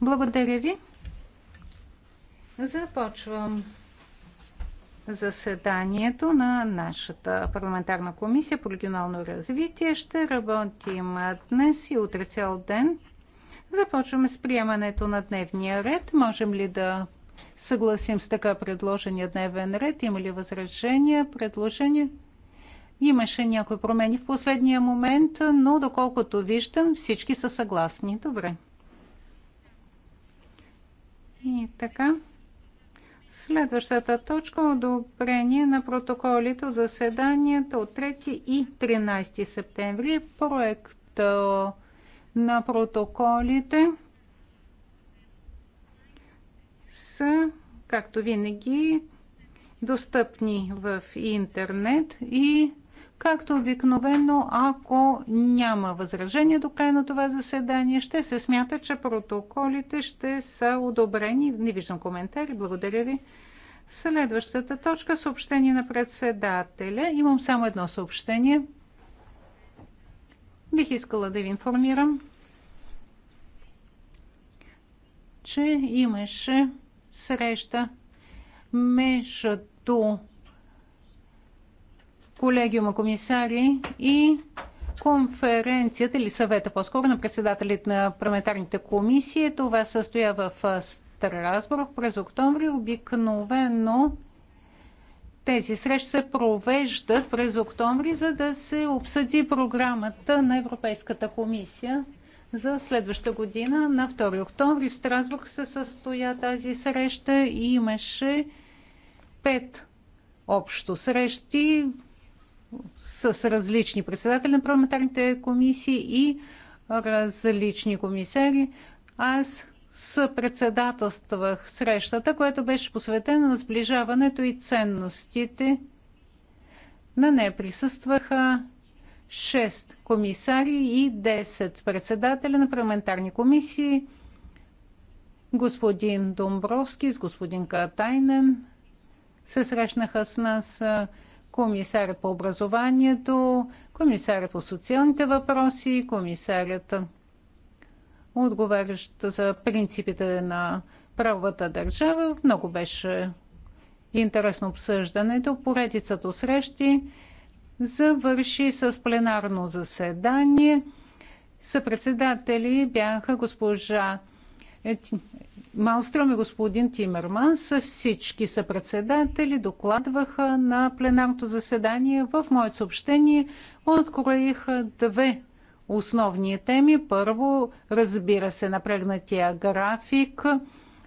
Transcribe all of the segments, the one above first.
Благодаря ви. Започвам заседанието на нашата парламентарна комисия по регионално развитие. Ще работим днес и утре цял ден. Започваме с приемането на дневния ред. Можем ли да съгласим с така предложения дневен ред? Има ли възражения, предложения? Имаше някои промени в последния момент, но доколкото виждам, всички са съгласни. Добре. И така. Следващата точка – одобрение на протоколите от заседанията от 3 и 13 септември. Проект на протоколите са, както винаги, достъпни в интернет и Както обикновено, ако няма възражение до края на това заседание, ще се смята, че протоколите ще са одобрени. Не виждам коментари. Благодаря ви. Следващата точка съобщение на председателя. Имам само едно съобщение. Бих искала да ви информирам, че имаше среща между колегиума комисари и конференцията или съвета по-скоро на председателите на парламентарните комисии. Това състоя в Страсбург през октомври. Обикновено тези срещи се провеждат през октомври, за да се обсъди програмата на Европейската комисия за следваща година. На 2 октомври в Страсбург се състоя тази среща и имаше пет общо срещи, с различни председатели на парламентарните комисии и различни комисари. Аз съпредседателствах срещата, която беше посветена на сближаването и ценностите. На нея присъстваха 6 комисари и 10 председателя на парламентарни комисии. Господин Домбровски с господин Катайнен се срещнаха с нас комисарят по образованието, комисарят по социалните въпроси, комисарят отговарящ за принципите на правовата държава. Много беше интересно обсъждането. Поредицата срещи завърши с пленарно заседание. Съпредседатели бяха госпожа Малстром и господин Тимерманс, всички са председатели, докладваха на пленарното заседание. В моето съобщение откроих две основни теми. Първо, разбира се, напрегнатия график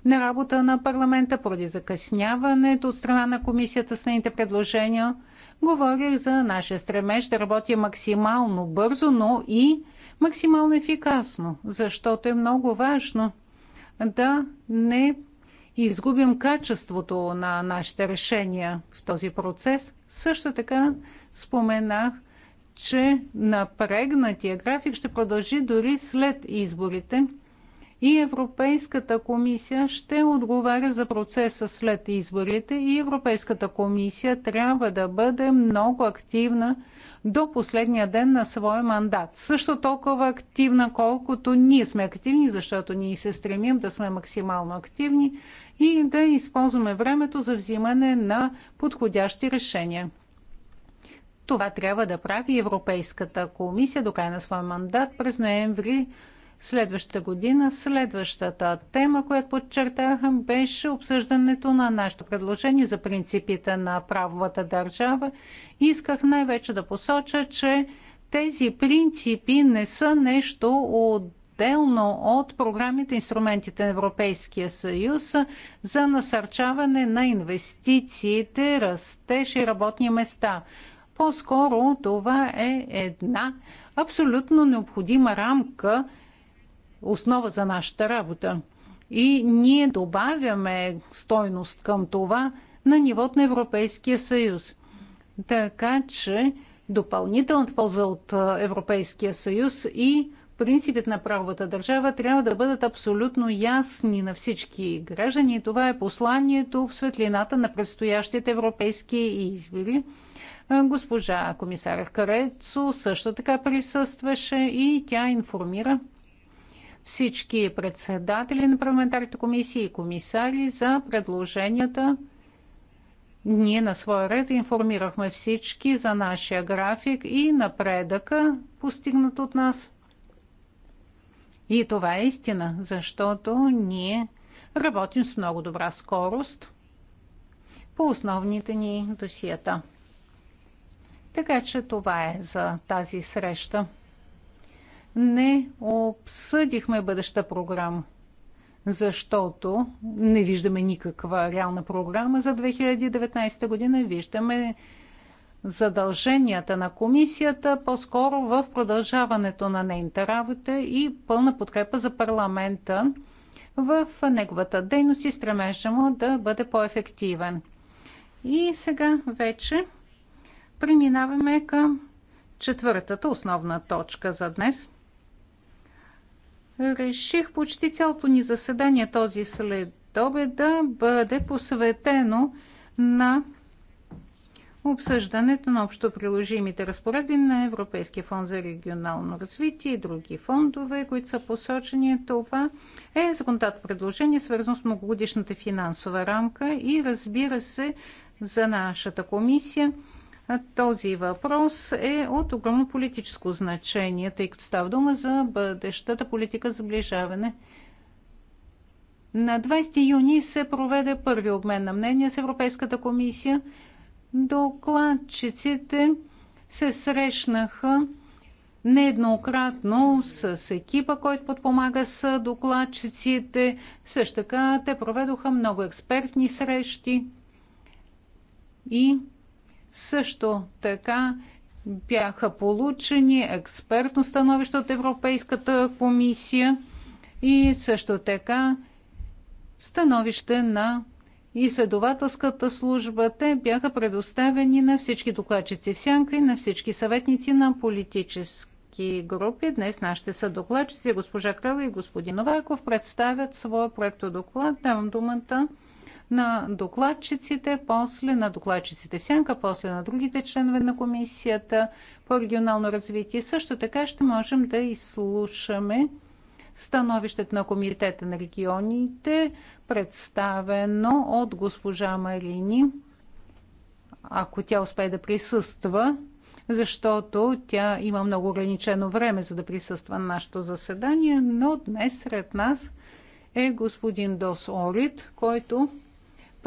на работа на парламента поради закъсняването от страна на комисията с нейните предложения. Говорих за нашия стремеж да работи максимално бързо, но и максимално ефикасно, защото е много важно – да не изгубим качеството на нашите решения в този процес. Също така споменах, че напрегнатия график ще продължи дори след изборите – и Европейската комисия ще отговаря за процеса след изборите и Европейската комисия трябва да бъде много активна до последния ден на своя мандат. Също толкова активна, колкото ние сме активни, защото ние се стремим да сме максимално активни и да използваме времето за взимане на подходящи решения. Това трябва да прави Европейската комисия до края на своя мандат през ноември следващата година. Следващата тема, която подчертахам, беше обсъждането на нашето предложение за принципите на правовата държава. Исках най-вече да посоча, че тези принципи не са нещо отделно от програмите, инструментите на Европейския съюз за насърчаване на инвестициите, растеж и работни места. По-скоро това е една абсолютно необходима рамка основа за нашата работа. И ние добавяме стойност към това на нивото на Европейския съюз. Така че допълнителната полза от Европейския съюз и принципите на правовата държава трябва да бъдат абсолютно ясни на всички граждани. Това е посланието в светлината на предстоящите европейски избори. Госпожа комисаря Карецо също така присъстваше и тя информира всички председатели на парламентарните комисии и комисари за предложенията. Ние на своя ред информирахме всички за нашия график и напредъка, постигнат от нас. И това е истина, защото ние работим с много добра скорост по основните ни досиета. Така че това е за тази среща не обсъдихме бъдеща програма, защото не виждаме никаква реална програма за 2019 година. Виждаме задълженията на комисията, по-скоро в продължаването на нейната работа и пълна подкрепа за парламента в неговата дейност и стремежа му да бъде по-ефективен. И сега вече преминаваме към четвъртата основна точка за днес – реших почти цялото ни заседание този обед да бъде посветено на обсъждането на общо приложимите разпоредби на Европейския фонд за регионално развитие и други фондове, които са посочени. Това е законтат предложение, свързано с многогодишната финансова рамка и разбира се за нашата комисия – този въпрос е от огромно политическо значение, тъй като става дума за бъдещата политика за ближаване. На 20 юни се проведе първи обмен на мнения с Европейската комисия. Докладчиците се срещнаха нееднократно с екипа, който подпомага с докладчиците. Също така те проведоха много експертни срещи и също така бяха получени експертно становище от Европейската комисия и също така становище на изследователската служба. Те бяха предоставени на всички докладчици в сянка и на всички съветници на политически групи. Днес нашите са докладчици, госпожа Крала и господин Новаков представят своя проектодоклад. доклад. Давам думата на докладчиците, после на докладчиците в сянка, после на другите членове на комисията по регионално развитие. Също така ще можем да изслушаме становището на Комитета на регионите, представено от госпожа Марини, ако тя успее да присъства, защото тя има много ограничено време за да присъства на нашето заседание, но днес сред нас е господин Дос Орит, който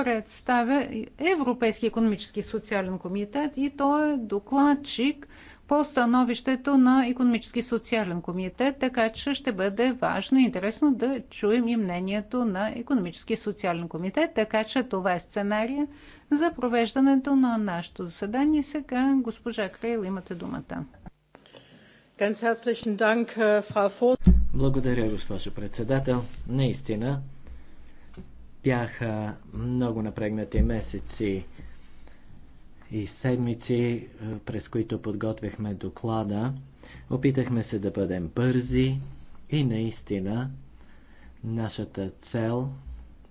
представя Европейски економически и социален комитет и той е докладчик по становището на Економически и социален комитет, така че ще бъде важно и интересно да чуем и мнението на Економически и социален комитет, така че това е сценария за провеждането на нашето заседание. Сега, госпожа Крейл, имате думата. Благодаря, госпожо председател. Наистина, бяха много напрегнати месеци и седмици, е, през които подготвихме доклада. Опитахме се да бъдем бързи и наистина нашата цел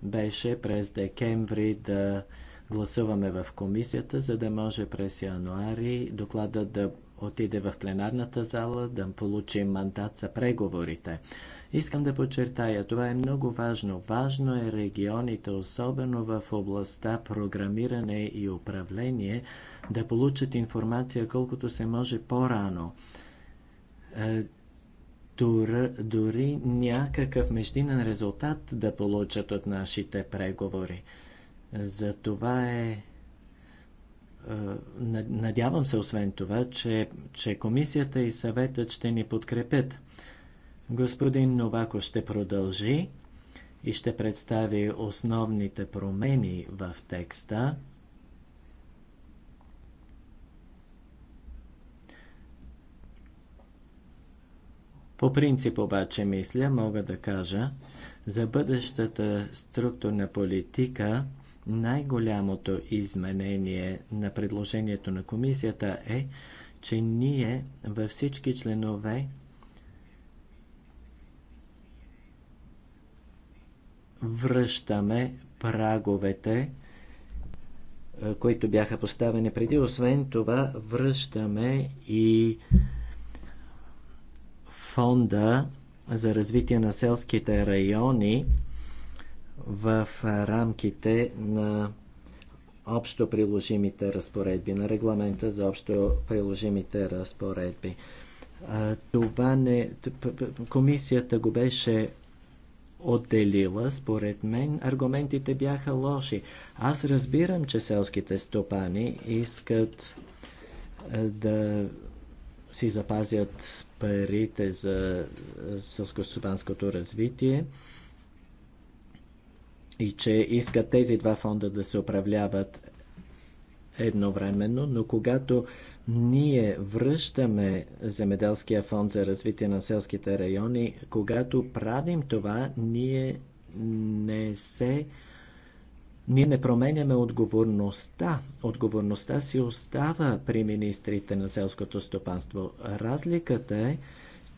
беше през декември да гласуваме в комисията, за да може през януари докладът да отиде в пленарната зала, да получи мандат за преговорите. Искам да подчертая, това е много важно. Важно е регионите, особено в областта програмиране и управление, да получат информация колкото се може по-рано. Е, дори, дори някакъв междинен резултат да получат от нашите преговори. За това е е, надявам се, освен това, че, че комисията и съветът ще ни подкрепят. Господин Новако ще продължи и ще представи основните промени в текста. По принцип обаче, мисля, мога да кажа, за бъдещата структурна политика – най-голямото изменение на предложението на комисията е, че ние във всички членове връщаме праговете, е, които бяха поставени преди. Освен това, връщаме и фонда за развитие на селските райони в рамките на общо приложимите разпоредби, на регламента за общо приложимите разпоредби. Това не... Комисията го беше отделила, според мен, аргументите бяха лоши. Аз разбирам, че селските стопани искат да си запазят парите за селско развитие, и че искат тези два фонда да се управляват едновременно, но когато ние връщаме Земеделския фонд за развитие на селските райони, когато правим това, ние не се ние не променяме отговорността. Отговорността си остава при министрите на селското стопанство. Разликата е,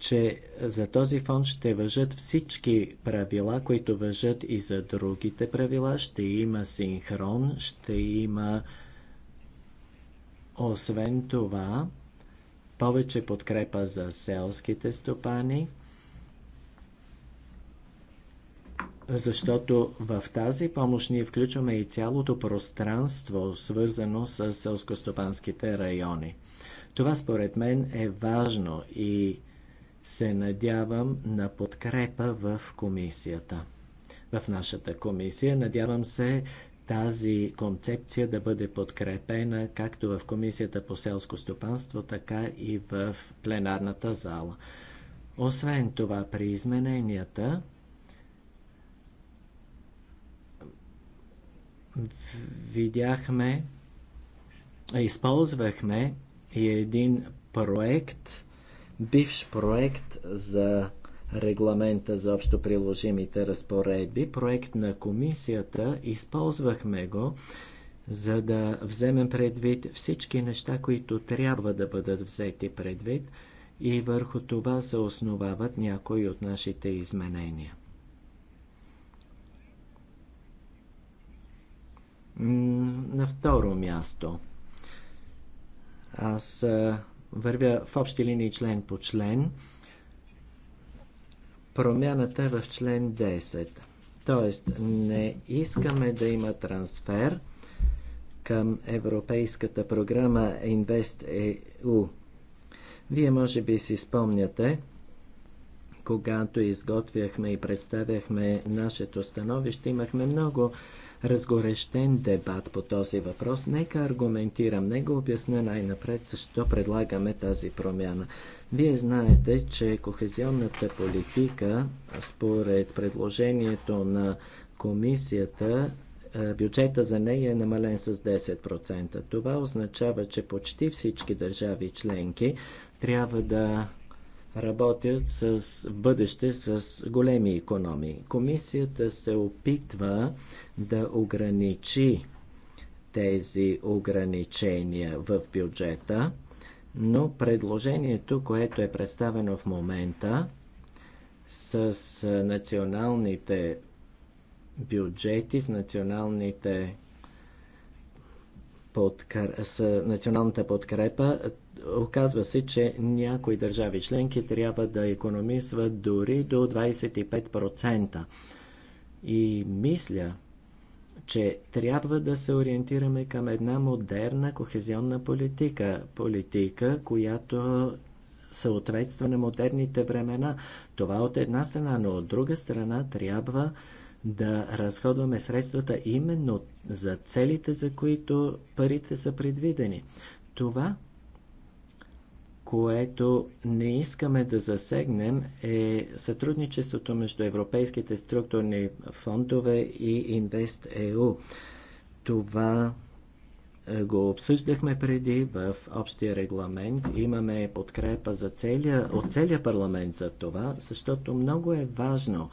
че за този фонд ще въжат всички правила, които въжат и за другите правила. Ще има синхрон, ще има освен това повече подкрепа за селските стопани, защото в тази помощ ние включваме и цялото пространство, свързано с селскостопанските райони. Това според мен е важно и се надявам на подкрепа в комисията. В нашата комисия надявам се тази концепция да бъде подкрепена както в Комисията по селско стопанство, така и в пленарната зала. Освен това, при измененията видяхме, използвахме и един проект – бивш проект за регламента за общо приложимите разпоредби, проект на комисията, използвахме го, за да вземем предвид всички неща, които трябва да бъдат взети предвид и върху това се основават някои от нашите изменения. На второ място, аз вървя в общи линии член по член. Промяната е в член 10. Тоест, не искаме да има трансфер към Европейската програма InvestEU. Е Вие може би си спомняте, когато изготвяхме и представяхме нашето становище, имахме много разгорещен дебат по този въпрос. Нека аргументирам, нека обясня най-напред защо предлагаме тази промяна. Вие знаете, че кохезионната политика, според предложението на комисията, е, бюджета за нея е намален с 10%. Това означава, че почти всички държави членки трябва да работят с бъдеще с големи економии. Комисията се опитва да ограничи тези ограничения в бюджета, но предложението, което е представено в момента с националните бюджети, с националните подкр... с националната подкрепа, Оказва се, че някои държави членки трябва да економисват дори до 25%. И мисля, че трябва да се ориентираме към една модерна кохезионна политика. Политика, която съответства на модерните времена. Това от една страна, но от друга страна трябва да разходваме средствата именно за целите, за които парите са предвидени. Това което не искаме да засегнем е сътрудничеството между европейските структурни фондове и InvestEU. Това е, го обсъждахме преди в общия регламент. Имаме подкрепа за целия, от целия парламент за това, защото много е важно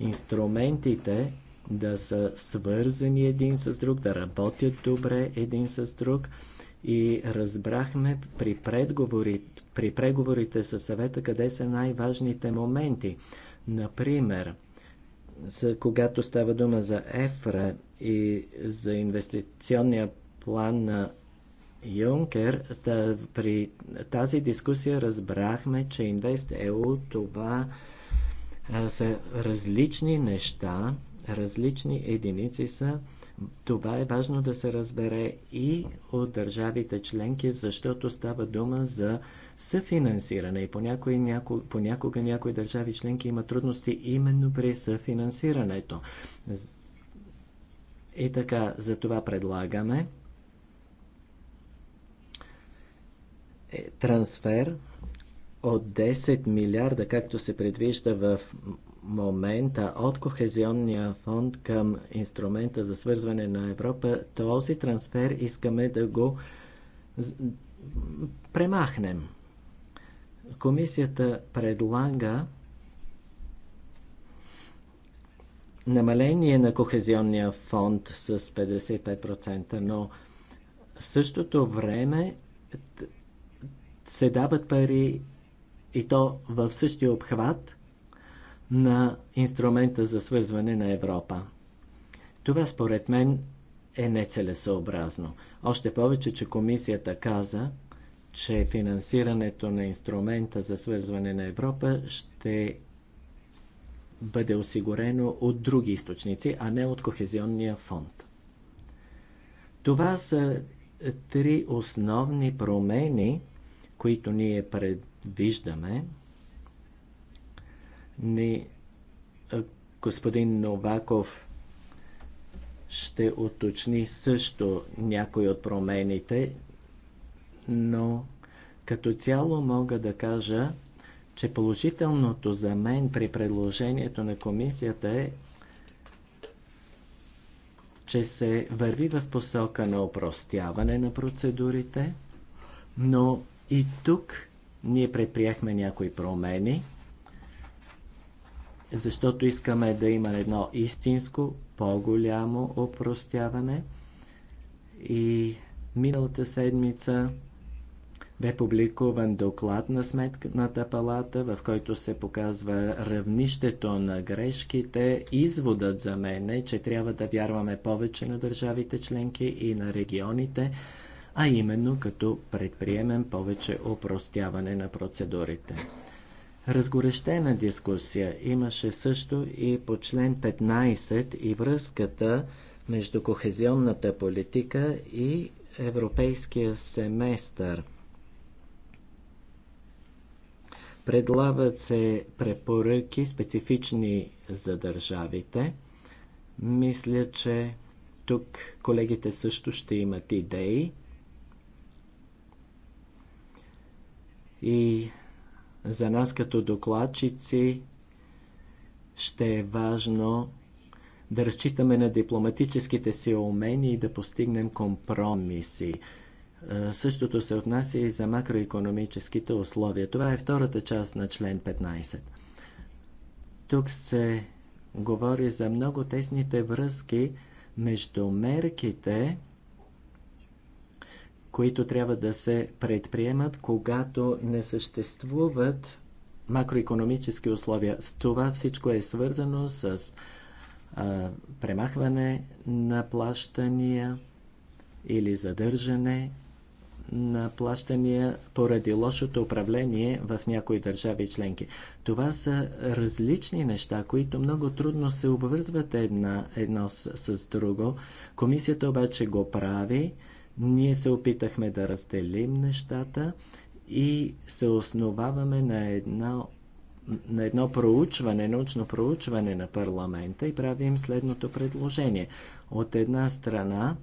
инструментите да са свързани един с друг, да работят добре един с друг – и разбрахме при, предговори при преговорите със съвета къде са най-важните моменти. Например, за, когато става дума за ЕФРА и за инвестиционния план на Юнкер, да, при тази дискусия разбрахме, че ЕО това а, са различни неща, различни единици са това е важно да се разбере и от държавите членки, защото става дума за съфинансиране и понякога, няко, понякога някои държави членки има трудности именно при съфинансирането. И така, за това предлагаме е, трансфер от 10 милиарда, както се предвижда в момента от Кохезионния фонд към инструмента за свързване на Европа, този трансфер искаме да го премахнем. Комисията предлага намаление на Кохезионния фонд с 55%, но в същото време се дават пари и то в същия обхват на инструмента за свързване на Европа. Това според мен е нецелесообразно. Още повече, че комисията каза, че финансирането на инструмента за свързване на Европа ще бъде осигурено от други източници, а не от Кохезионния фонд. Това са три основни промени, които ние предвиждаме ни господин Новаков ще уточни също някои от промените, но като цяло мога да кажа, че положителното за мен при предложението на комисията е, че се върви в посока на опростяване на процедурите, но и тук ние предприехме някои промени – защото искаме да има едно истинско, по-голямо опростяване. И миналата седмица бе публикуван доклад на Сметната палата, в който се показва равнището на грешките. Изводът за мен е, че трябва да вярваме повече на държавите членки и на регионите, а именно като предприемем повече опростяване на процедурите. Разгорещена дискусия имаше също и по член 15 и връзката между кохезионната политика и европейския семестър. Предлагат се препоръки специфични за държавите. Мисля, че тук колегите също ще имат идеи. И за нас като докладчици ще е важно да разчитаме на дипломатическите си умения и да постигнем компромиси. Е, същото се отнася и за макроекономическите условия. Това е втората част на член 15. Тук се говори за много тесните връзки между мерките, които трябва да се предприемат, когато не съществуват макроекономически условия. С това всичко е свързано с а, премахване на плащания или задържане на плащания поради лошото управление в някои държави членки. Това са различни неща, които много трудно се обвързват една, едно с, с друго. Комисията обаче го прави ние се опитахме да разделим нещата и се основаваме на едно, на едно проучване, научно проучване на парламента и правим следното предложение. От една страна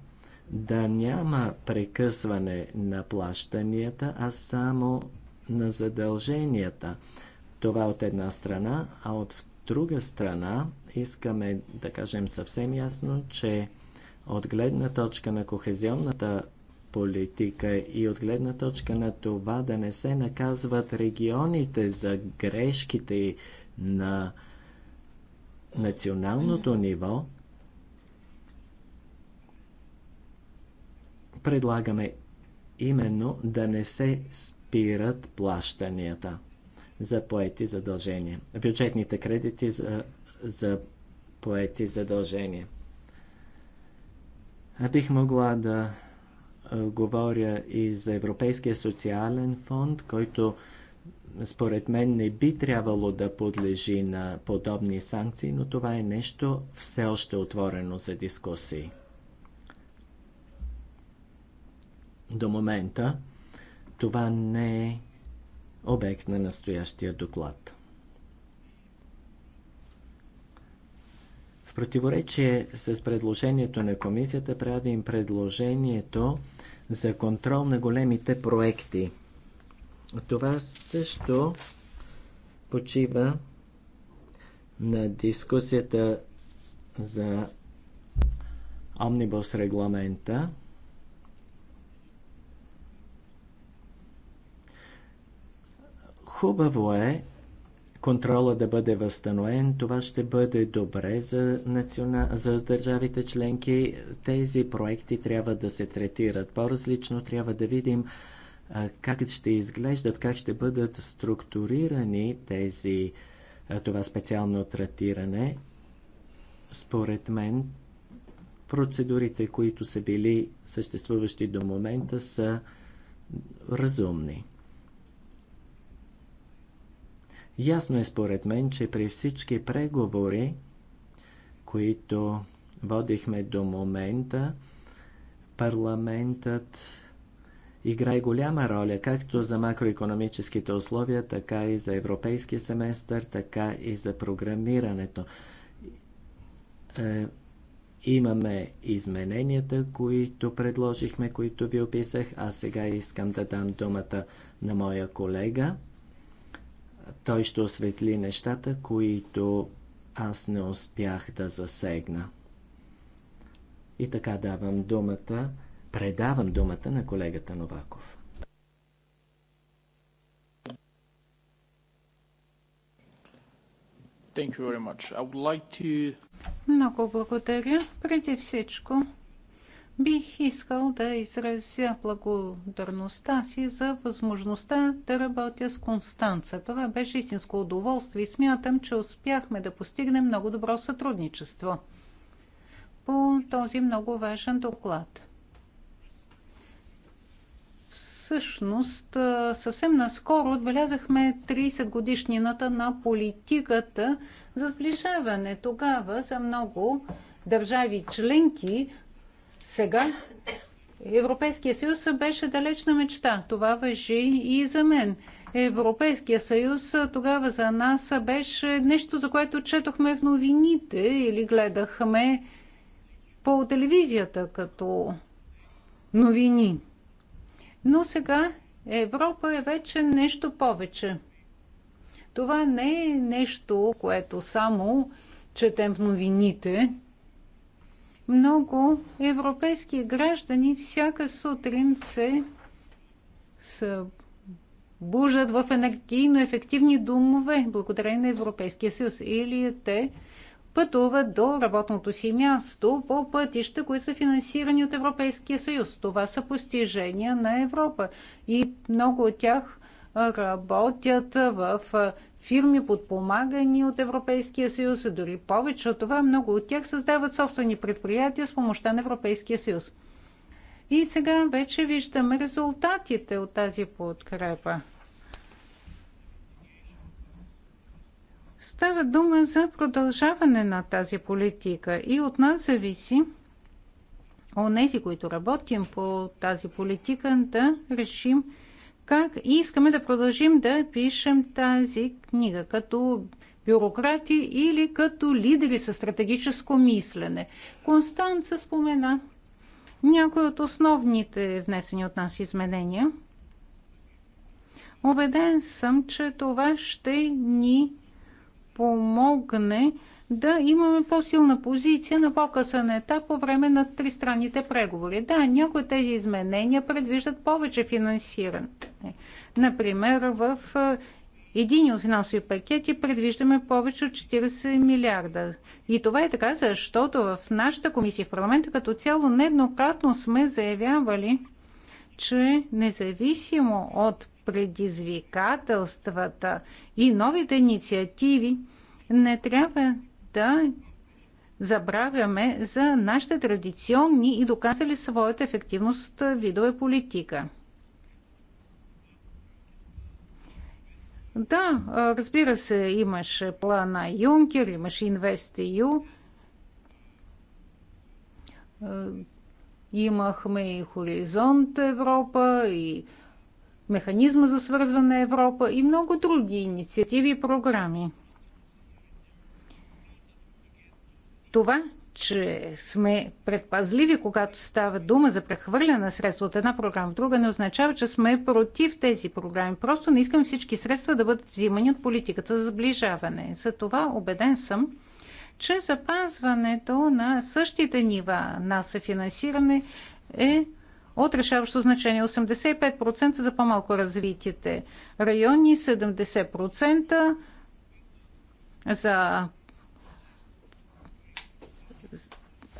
да няма прекъсване на плащанията, а само на задълженията. Това от една страна, а от друга страна искаме да кажем съвсем ясно, че от гледна точка на кохезионната политика и от гледна точка на това да не се наказват регионите за грешките на националното ниво, предлагаме именно да не се спират плащанията за поети задължения. Бюджетните кредити за, за поети задължения. Бих могла да говоря и за Европейския социален фонд, който според мен не би трябвало да подлежи на подобни санкции, но това е нещо все още отворено за дискусии. До момента това не е обект на настоящия доклад. противоречие с предложението на комисията им предложението за контрол на големите проекти. Това също почива на дискусията за омнибус регламента. Хубаво е контрола да бъде възстановен. Това ще бъде добре за, национа... за държавите членки. Тези проекти трябва да се третират по-различно. Трябва да видим как ще изглеждат, как ще бъдат структурирани тези, това специално третиране. Според мен, процедурите, които са били съществуващи до момента, са разумни. Ясно е според мен, че при всички преговори, които водихме до момента, парламентът играе голяма роля както за макроекономическите условия, така и за европейски семестър, така и за програмирането. Е, имаме измененията, които предложихме, които ви описах, а сега искам да дам думата на моя колега. Той ще осветли нещата, които аз не успях да засегна. И така давам думата, предавам думата на колегата Новаков. Like to... Много благодаря. Преди всичко Бих искал да изразя благодарността си за възможността да работя с Констанца. Това беше истинско удоволствие и смятам, че успяхме да постигнем много добро сътрудничество по този много важен доклад. Всъщност, съвсем наскоро отбелязахме 30 годишнината на политиката за сближаване. Тогава за много държави членки сега Европейския съюз беше далечна мечта. Това въжи и за мен. Европейския съюз тогава за нас беше нещо, за което четохме в новините или гледахме по телевизията като новини. Но сега Европа е вече нещо повече. Това не е нещо, което само четем в новините – много европейски граждани всяка сутрин се събуждат в енергийно ефективни домове, благодарение на Европейския съюз. Или те пътуват до работното си място по пътища, които са финансирани от Европейския съюз. Това са постижения на Европа. И много от тях работят в фирми, подпомагани от Европейския съюз и дори повече от това, много от тях създават собствени предприятия с помощта на Европейския съюз. И сега вече виждаме резултатите от тази подкрепа. Става дума за продължаване на тази политика и от нас зависи от тези, които работим по тази политика, да решим как искаме да продължим да пишем тази книга, като бюрократи или като лидери със стратегическо мислене. Констанца спомена някои от основните внесени от нас изменения. Обеден съм, че това ще ни помогне да имаме по-силна позиция на по-късен етап по време на тристранните преговори. Да, някои от тези изменения предвиждат повече финансиране. Например, в един от финансови пакети предвиждаме повече от 40 милиарда. И това е така, защото в нашата комисия в парламента като цяло нееднократно сме заявявали, че независимо от предизвикателствата и новите инициативи, не трябва да забравяме за нашите традиционни и доказали своята ефективност видове политика. Да, разбира се, имаше плана Юнкер, имаше InvestEU. Имахме и Хоризонт Европа, и Механизма за свързване Европа, и много други инициативи и програми – това, че сме предпазливи, когато става дума за прехвърляне на средства от една програма в друга, не означава, че сме против тези програми. Просто не искам всички средства да бъдат взимани от политиката за сближаване. За това убеден съм, че запазването на същите нива на съфинансиране е от решаващо значение 85% за по-малко развитите райони, 70% за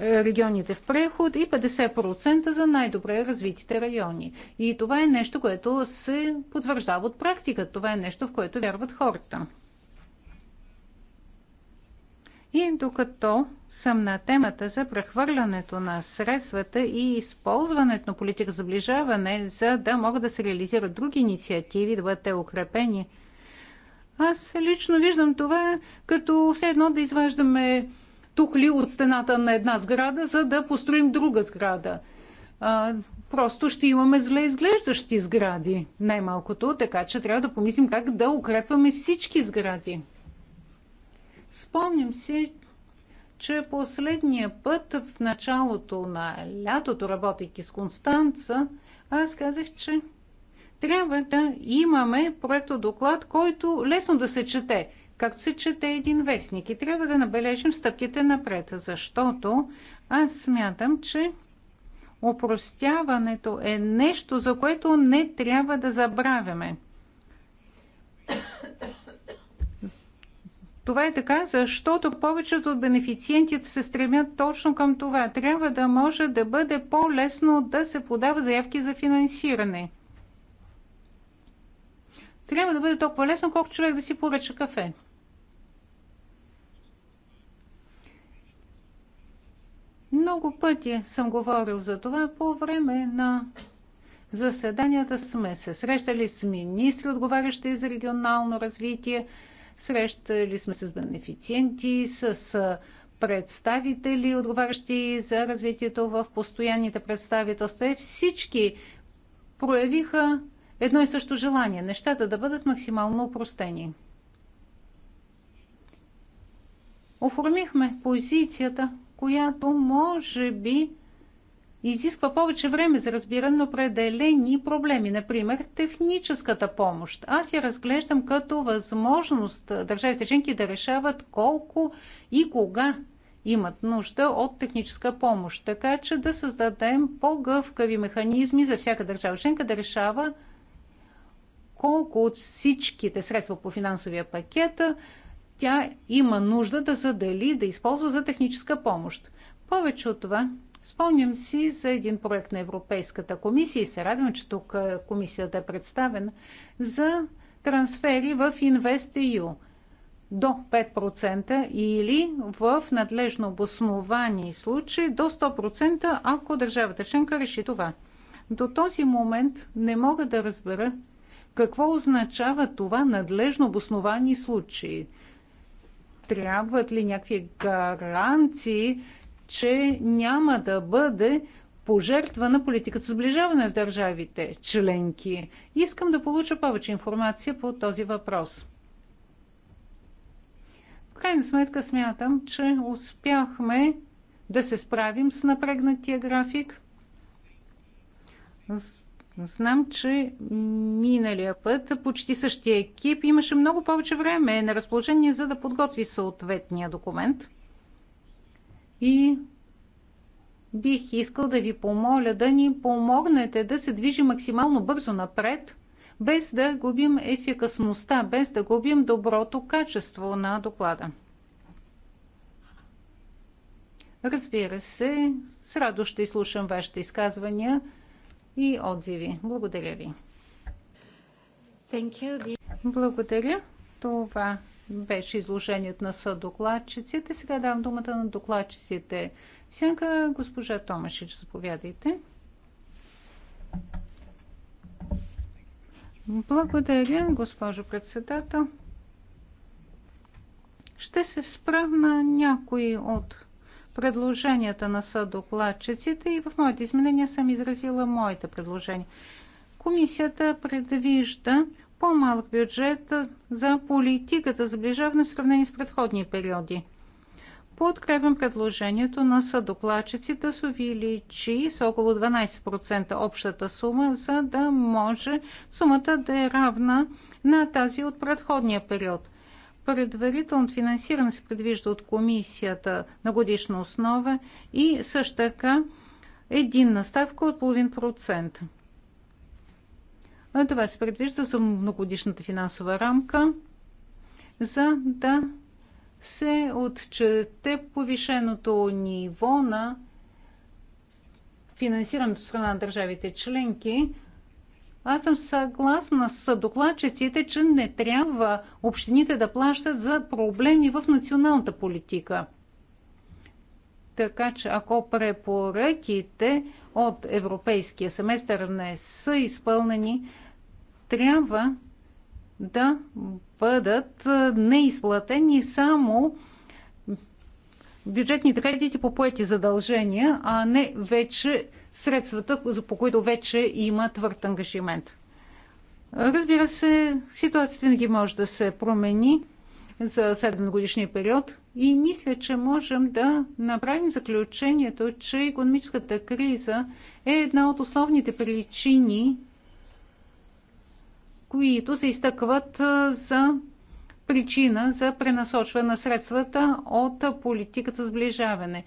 регионите в преход и 50% за най-добре развитите райони. И това е нещо, което се потвърждава от практика. Това е нещо, в което вярват хората. И докато съм на темата за прехвърлянето на средствата и използването на политика за ближаване, за да могат да се реализират други инициативи, да бъдат те укрепени, аз лично виждам това като все едно да изваждаме тухли от стената на една сграда, за да построим друга сграда. А, просто ще имаме зле изглеждащи сгради, най-малкото, така че трябва да помислим как да укрепваме всички сгради. Спомним си, че последния път в началото на лятото, работейки с Констанца, аз казах, че трябва да имаме проектодоклад, доклад, който лесно да се чете както се чете един вестник. И трябва да набележим стъпките напред, защото аз смятам, че Опростяването е нещо, за което не трябва да забравяме. Това е така, защото повечето от бенефициентите се стремят точно към това. Трябва да може да бъде по-лесно да се подава заявки за финансиране. Трябва да бъде толкова лесно, колко човек да си поръча кафе. Много пъти съм говорил за това по време на заседанията сме се срещали с министри, отговарящи за регионално развитие, срещали сме се с бенефициенти, с представители, отговарящи за развитието в постоянните представителства. И всички проявиха едно и също желание нещата да бъдат максимално упростени. Оформихме позицията която може би изисква повече време за разбиране на определени проблеми, например техническата помощ. Аз я разглеждам като възможност държавите членки да решават колко и кога имат нужда от техническа помощ, така че да създадем по-гъвкави механизми за всяка държава членка да решава колко от всичките средства по финансовия пакет тя има нужда да задели, да използва за техническа помощ. Повече от това, спомням си за един проект на Европейската комисия и се радвам, че тук е, комисията е представена за трансфери в InvestEU до 5% или в надлежно обосновани случаи до 100%, ако държавата членка реши това. До този момент не мога да разбера какво означава това надлежно обосновани случаи трябват ли някакви гаранции, че няма да бъде пожертва на политиката за сближаване в държавите членки. Искам да получа повече информация по този въпрос. В крайна сметка смятам, че успяхме да се справим с напрегнатия график. Знам, че миналия път почти същия екип имаше много повече време на разположение, за да подготви съответния документ. И бих искал да ви помоля да ни помогнете да се движи максимално бързо напред, без да губим ефикасността, без да губим доброто качество на доклада. Разбира се, с радост ще изслушам вашите изказвания – и отзиви. Благодаря ви. Благодаря. Това беше изложението на съдокладчиците. Сега давам думата на докладчиците. Сянка, госпожа Томашич, заповядайте. Благодаря, госпожо председател. Ще се спра на някои от предложенията на съдокладчиците и в моите изменения съм изразила моите предложения. Комисията предвижда по-малък бюджет за политиката за ближаване в сравнение с предходни периоди. Подкрепям предложението на съдокладчиците да се увеличи с около 12% общата сума, за да може сумата да е равна на тази от предходния период – Предварително финансиране се предвижда от комисията на годишна основа и също така единна ставка от половин процент. Това се предвижда за многогодишната финансова рамка, за да се отчете повишеното ниво на финансирането страна на държавите членки аз съм съгласна с докладчиците, че не трябва общините да плащат за проблеми в националната политика. Така че ако препоръките от европейския семестър не са изпълнени, трябва да бъдат неизплатени само бюджетните кредити по поети задължения, а не вече средствата, по които вече има твърд ангажимент. Разбира се, ситуацията винаги може да се промени за 7 годишния период и мисля, че можем да направим заключението, че економическата криза е една от основните причини, които се изтъкват за причина за пренасочване на средствата от политиката сближаване.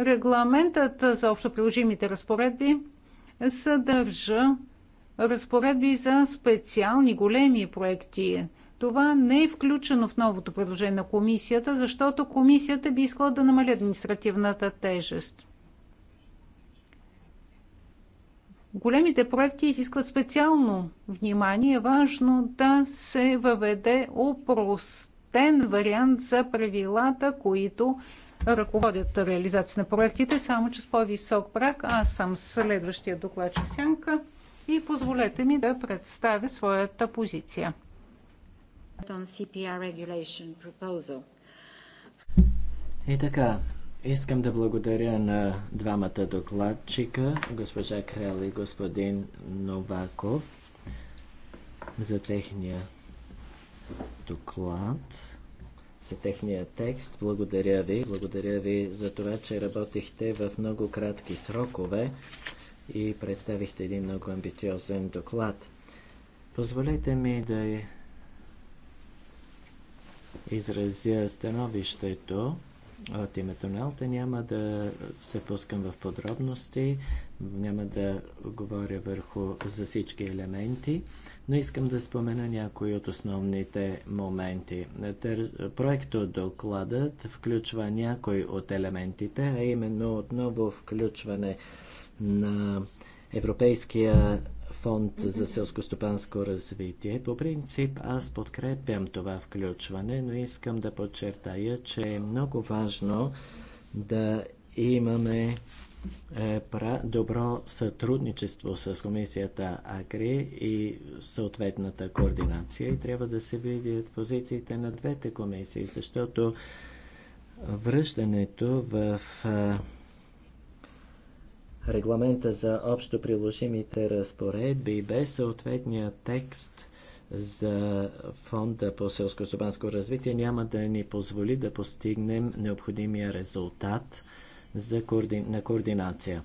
Регламентът за общо приложимите разпоредби съдържа разпоредби за специални големи проекти. Това не е включено в новото предложение на комисията, защото комисията би искала да намали административната тежест. Големите проекти изискват специално внимание. Е важно да се въведе опростен вариант за правилата, които ръководят реализация на проектите, само че с по-висок прак. Аз съм следващия докладчик Сянка и позволете ми да представя своята позиция. И така, искам да благодаря на двамата докладчика, госпожа Крел и господин Новаков, за техния доклад за техния текст. Благодаря ви. Благодаря ви за това, че работихте в много кратки срокове и представихте един много амбициозен доклад. Позволете ми да изразя становището от името на Алта. Няма да се пускам в подробности, няма да говоря върху за всички елементи но искам да спомена някои от основните моменти. Проектът докладът включва някои от елементите, а именно отново включване на Европейския фонд за селско-стопанско развитие. По принцип аз подкрепям това включване, но искам да подчертая, че е много важно да имаме е добро сътрудничество с комисията АГРИ и съответната координация и трябва да се видят позициите на двете комисии, защото връщането в регламента за общо приложимите разпоредби без съответния текст за фонда по селско-стопанско развитие няма да ни позволи да постигнем необходимия резултат – за коорди... на координация.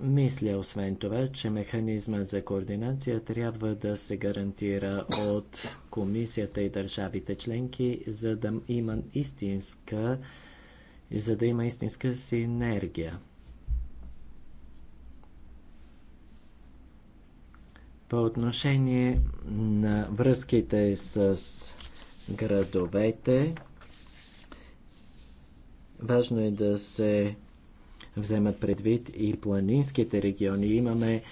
Мисля, освен това, че механизма за координация трябва да се гарантира от комисията и държавите членки, за да има истинска, за да има истинска синергия. По отношение на връзките с градовете, Важно е да се вземат предвид и планинските региони. Имаме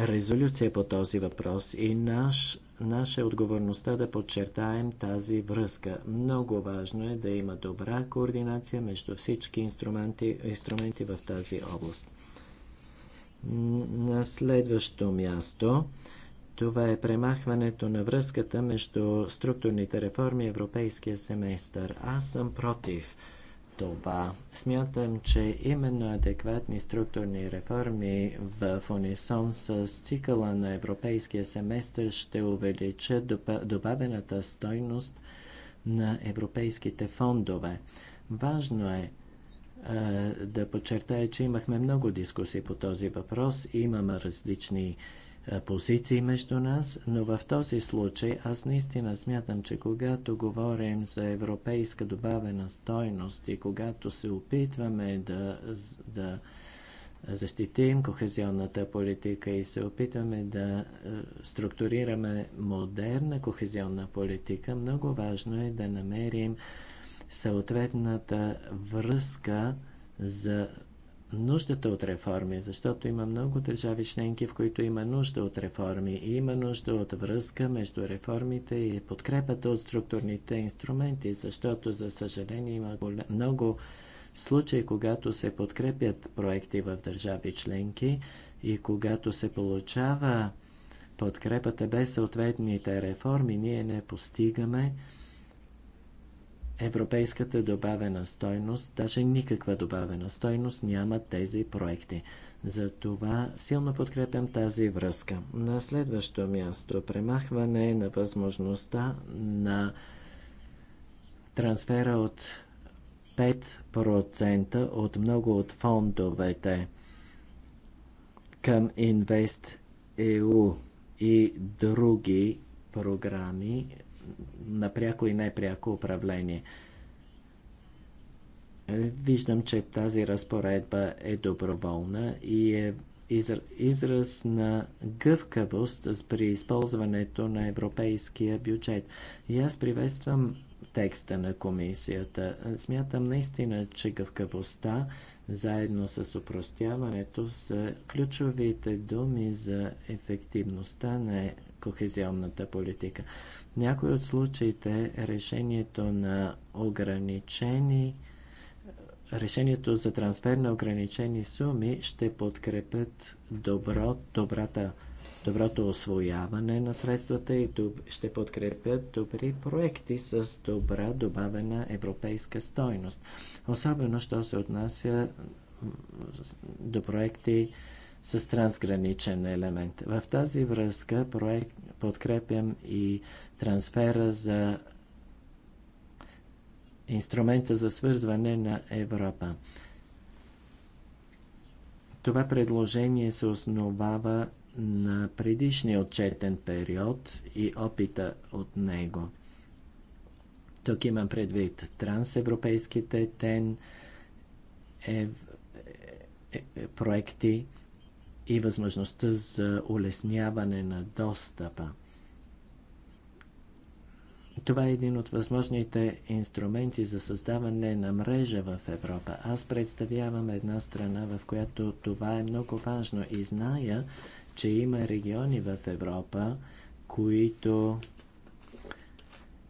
резолюция по този въпрос и наш, наша е отговорността да подчертаем тази връзка. Много важно е да има добра координация между всички инструменти, инструменти в тази област. На следващо място това е премахването на връзката между структурните реформи и европейския семестър. Аз съм против това смятам, че именно адекватни структурни реформи в унисон с цикъла на европейския семестър ще увеличат добавената стойност на европейските фондове. Важно е да подчертая, че имахме много дискусии по този въпрос. Имаме различни е, позиции между нас, но в този случай аз наистина смятам, че когато говорим за европейска добавена стойност и когато се опитваме да, да защитим кохезионната политика и се опитваме да е, структурираме модерна кохезионна политика, много важно е да намерим съответната връзка за нуждата от реформи, защото има много държави членки, в които има нужда от реформи и има нужда от връзка между реформите и подкрепата от структурните инструменти, защото за съжаление има много случаи, когато се подкрепят проекти в държави членки и когато се получава подкрепата без съответните реформи, ние не постигаме европейската добавена стойност, даже никаква добавена стойност няма тези проекти. Затова силно подкрепям тази връзка. На следващо място премахване на възможността на трансфера от 5% от много от фондовете към InvestEU и други програми на пряко и непряко управление. Е, виждам, че тази разпоредба е доброволна и е израз на гъвкавост при използването на европейския бюджет. И аз приветствам текста на комисията. Е, смятам наистина, че гъвкавостта заедно с упростяването са ключовите думи за ефективността на кохезионната политика някои от случаите решението на ограничени решението за трансфер на ограничени суми ще подкрепят добро, добрата, доброто освояване на средствата и доб, ще подкрепят добри проекти с добра добавена европейска стойност. Особено, що се отнася до проекти с трансграничен елемент. В тази връзка проект, подкрепям и трансфера за инструмента за свързване на Европа. Това предложение се основава на предишния отчетен период и опита от него. Тук имам предвид трансевропейските тен ев, е, е, е проекти и възможността за улесняване на достъпа. Това е един от възможните инструменти за създаване на мрежа в Европа. Аз представявам една страна, в която това е много важно и зная, че има региони в Европа, които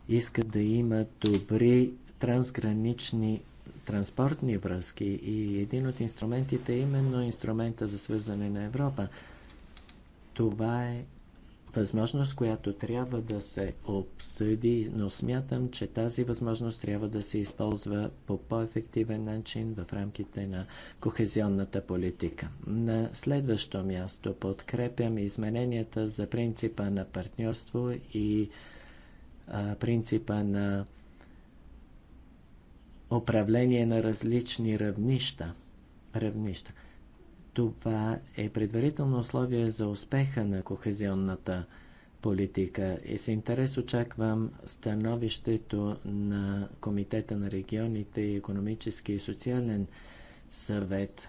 искат да имат добри трансгранични транспортни връзки и един от инструментите е именно инструмента за свързане на Европа. Това е възможност, която трябва да се обсъди, но смятам, че тази възможност трябва да се използва по по-ефективен начин в рамките на кохезионната политика. На следващо място подкрепям измененията за принципа на партньорство и а, принципа на управление на различни равнища. равнища. Това е предварително условие за успеха на кохезионната политика и с интерес очаквам становището на Комитета на регионите и економически и социален съвет.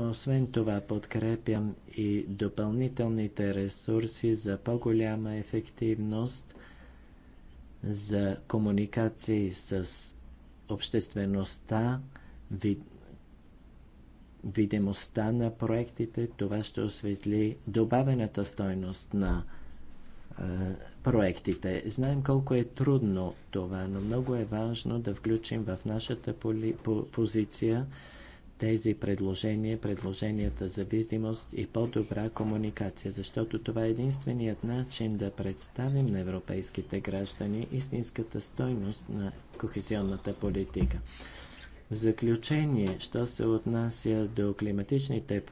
Освен това подкрепям и допълнителните ресурси за по-голяма ефективност за комуникации с обществеността, вид, видимостта на проектите. Това ще осветли добавената стойност на е, проектите. Знаем колко е трудно това, но много е важно да включим в нашата поли, по, позиция тези предложения, предложенията за видимост и по-добра комуникация, защото това е единственият начин да представим на европейските граждани истинската стойност на кохезионната политика. В заключение, що се отнася до климатичните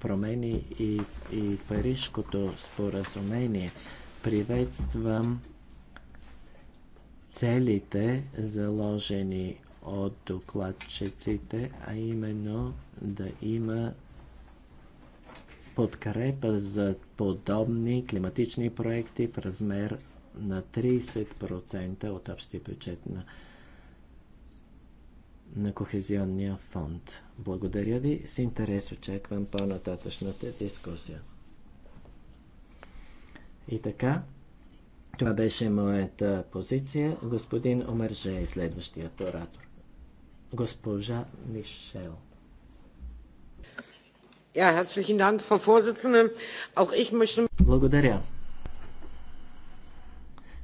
промени и, и Парижкото споразумение, приветствам целите, заложени от докладчиците, а именно да има подкрепа за подобни климатични проекти в размер на 30% от общия бюджет на, на Кохезионния фонд. Благодаря ви. С интерес очаквам по-нататъчната дискусия. И така, това беше моята позиция. Господин Омърже е следващият оратор госпожа Мишел. Ja, herzlichen Dank, Frau Vorsitzende. Auch ich möchte... Благодаря.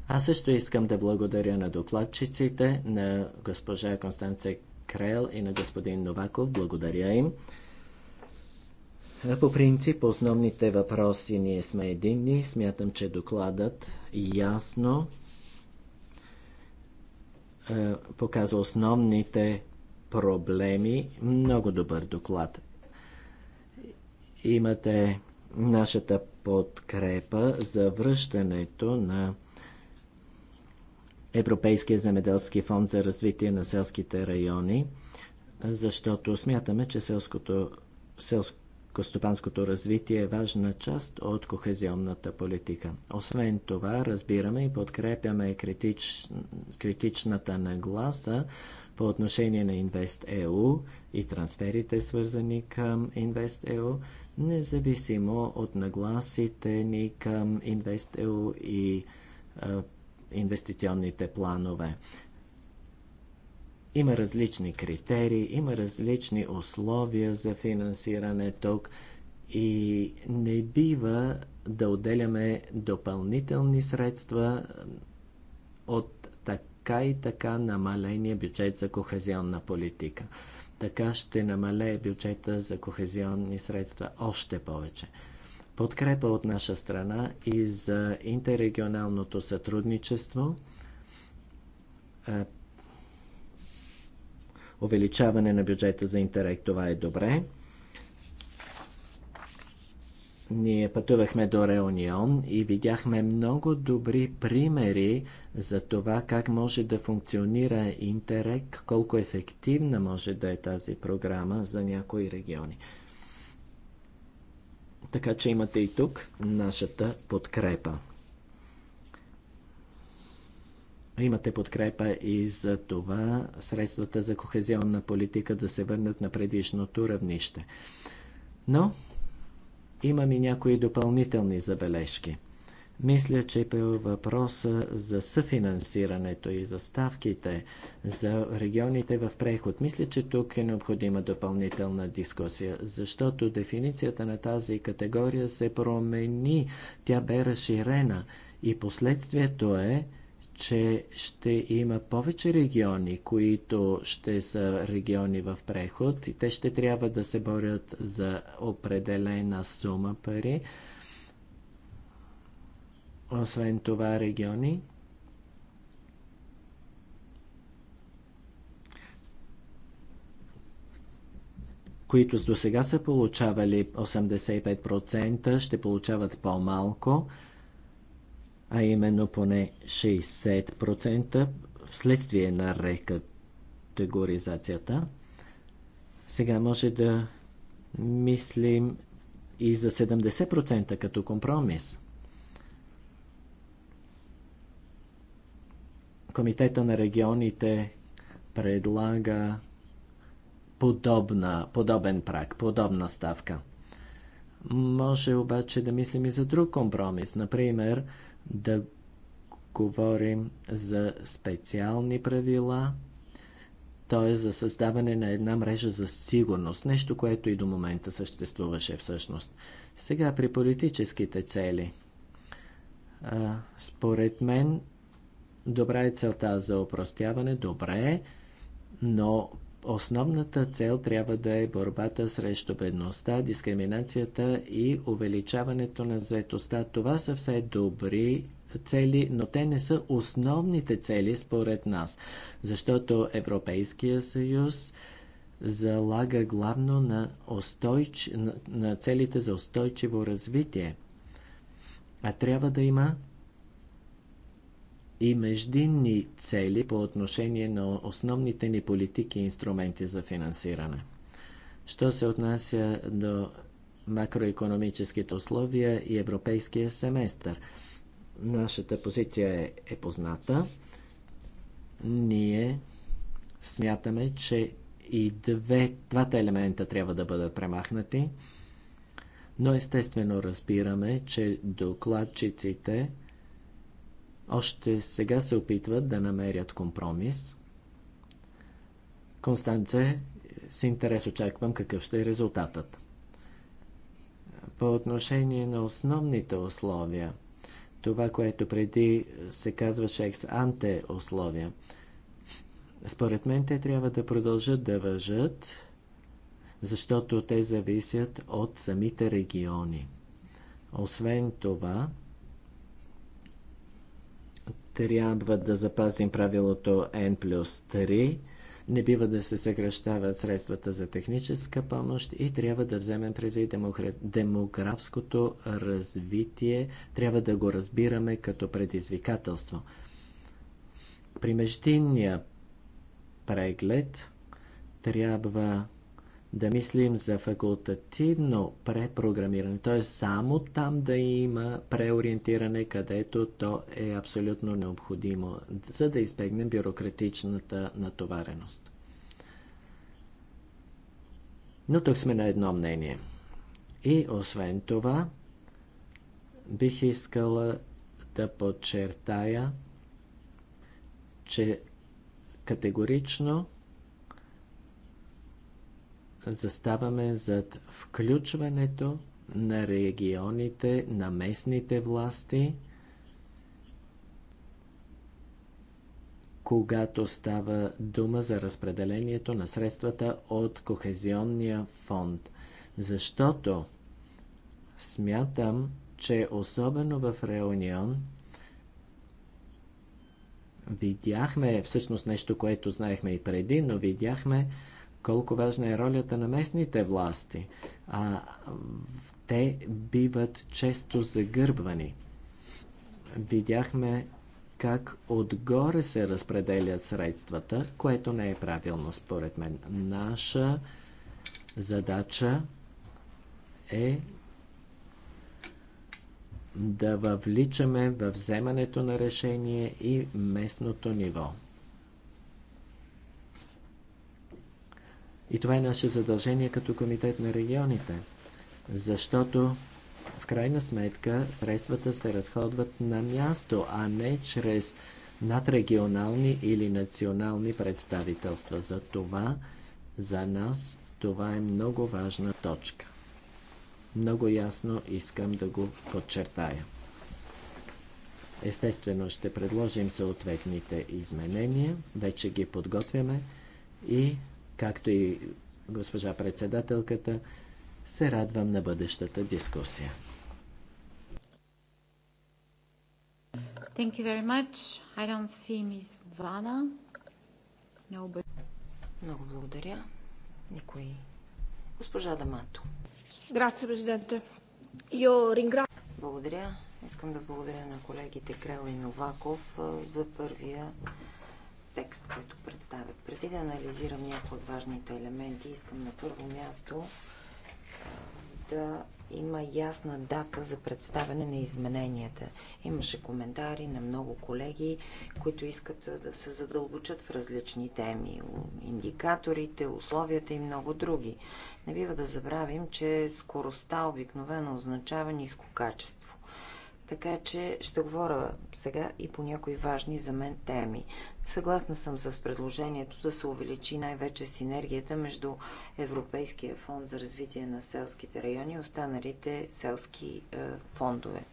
Аз също искам да благодаря на докладчиците, на госпожа Констанция Крел и на господин Новаков. Благодаря им. По принцип, основните въпроси ние сме единни. Смятам, че докладът ясно е, показва основните проблеми. Много добър доклад. Имате нашата подкрепа за връщането на Европейския земеделски фонд за развитие на селските райони, защото смятаме, че селското, селско-стопанското развитие е важна част от кохезионната политика. Освен това, разбираме и подкрепяме критич, критичната нагласа по отношение на InvestEU и трансферите свързани към InvestEU, независимо от нагласите ни към InvestEU и а, инвестиционните планове. Има различни критерии, има различни условия за финансиране тук и не бива да отделяме допълнителни средства от така и така намаления бюджет за кохезионна политика. Така ще намалее бюджета за кохезионни средства още повече. Подкрепа от наша страна и за интеррегионалното сътрудничество, увеличаване на бюджета за интерект, това е добре. Ние пътувахме до Реунион и видяхме много добри примери за това как може да функционира Интерек, колко ефективна може да е тази програма за някои региони. Така че имате и тук нашата подкрепа. Имате подкрепа и за това средствата за кохезионна политика да се върнат на предишното равнище. Но Имам и някои допълнителни забележки. Мисля, че по въпроса за съфинансирането и за ставките за регионите в преход, мисля, че тук е необходима допълнителна дискусия, защото дефиницията на тази категория се промени, тя бе разширена и последствието е, че ще има повече региони, които ще са региони в преход и те ще трябва да се борят за определена сума пари. Освен това региони, които до сега са получавали 85%, ще получават по-малко а именно поне 60% вследствие на рекатегоризацията. Сега може да мислим и за 70% като компромис. Комитета на регионите предлага подобна, подобен прак, подобна ставка. Може обаче да мислим и за друг компромис, например да говорим за специални правила, т.е. за създаване на една мрежа за сигурност, нещо, което и до момента съществуваше всъщност. Сега при политическите цели. А, според мен, добра е целта за опростяване, добре е, но Основната цел трябва да е борбата срещу бедността, дискриминацията и увеличаването на заетостта. Това са все добри цели, но те не са основните цели според нас, защото Европейския съюз залага главно на, устойч... на целите за устойчиво развитие. А трябва да има и междинни цели по отношение на основните ни политики и инструменти за финансиране. Що се отнася до макроекономическите условия и европейския семестър? Нашата позиция е, е позната. Ние смятаме, че и две, двата елемента трябва да бъдат премахнати, но естествено разбираме, че докладчиците – още сега се опитват да намерят компромис. Констанце, с интерес очаквам какъв ще е резултатът. По отношение на основните условия, това, което преди се казваше екс-анте условия, според мен те трябва да продължат да въжат, защото те зависят от самите региони. Освен това, трябва да запазим правилото N плюс 3. Не бива да се съкръщават средствата за техническа помощ и трябва да вземем преди демографското развитие. Трябва да го разбираме като предизвикателство. При междинния преглед трябва да мислим за факултативно препрограмиране, т.е. само там да има преориентиране, където то е абсолютно необходимо, за да избегнем бюрократичната натовареност. Но тук сме на едно мнение. И освен това, бих искала да подчертая, че категорично заставаме зад включването на регионите, на местните власти, когато става дума за разпределението на средствата от Кохезионния фонд. Защото смятам, че особено в Реунион видяхме всъщност нещо, което знаехме и преди, но видяхме колко важна е ролята на местните власти. А, те биват често загърбвани. Видяхме как отгоре се разпределят средствата, което не е правилно според мен. Наша задача е да въвличаме във вземането на решение и местното ниво. И това е наше задължение като комитет на регионите, защото в крайна сметка средствата се разходват на място, а не чрез надрегионални или национални представителства. За това, за нас, това е много важна точка. Много ясно искам да го подчертая. Естествено ще предложим съответните изменения, вече ги подготвяме и както и госпожа председателката, се радвам на бъдещата дискусия. Thank you very much. I don't see Miss Vana. Nobody. Много благодаря. Никой. Госпожа Дамато. Грация, президенте. Йо, рингра. Благодаря. Искам да благодаря на колегите Крел и Новаков за първия текст, който представят. Преди да анализирам някои от важните елементи, искам на първо място да има ясна дата за представяне на измененията. Имаше коментари на много колеги, които искат да се задълбочат в различни теми. Индикаторите, условията и много други. Не бива да забравим, че скоростта обикновено означава ниско качество така че ще говоря сега и по някои важни за мен теми. Съгласна съм с предложението да се увеличи най-вече синергията между Европейския фонд за развитие на селските райони и останалите селски е, фондове.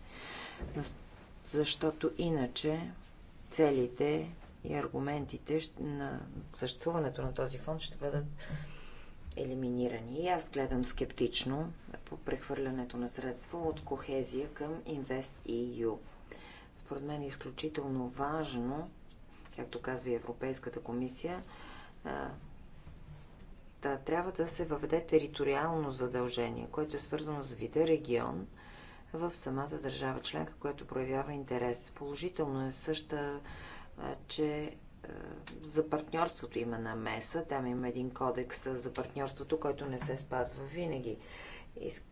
Защото иначе целите и аргументите на съществуването на този фонд ще бъдат елиминирани. И аз гледам скептично по прехвърлянето на средства от кохезия към Invest Според мен е изключително важно, както казва и Европейската комисия, да, трябва да се въведе териториално задължение, което е свързано с вида регион в самата държава членка, която проявява интерес. Положително е също, че за партньорството има намеса. Там има един кодекс за партньорството, който не се спазва винаги.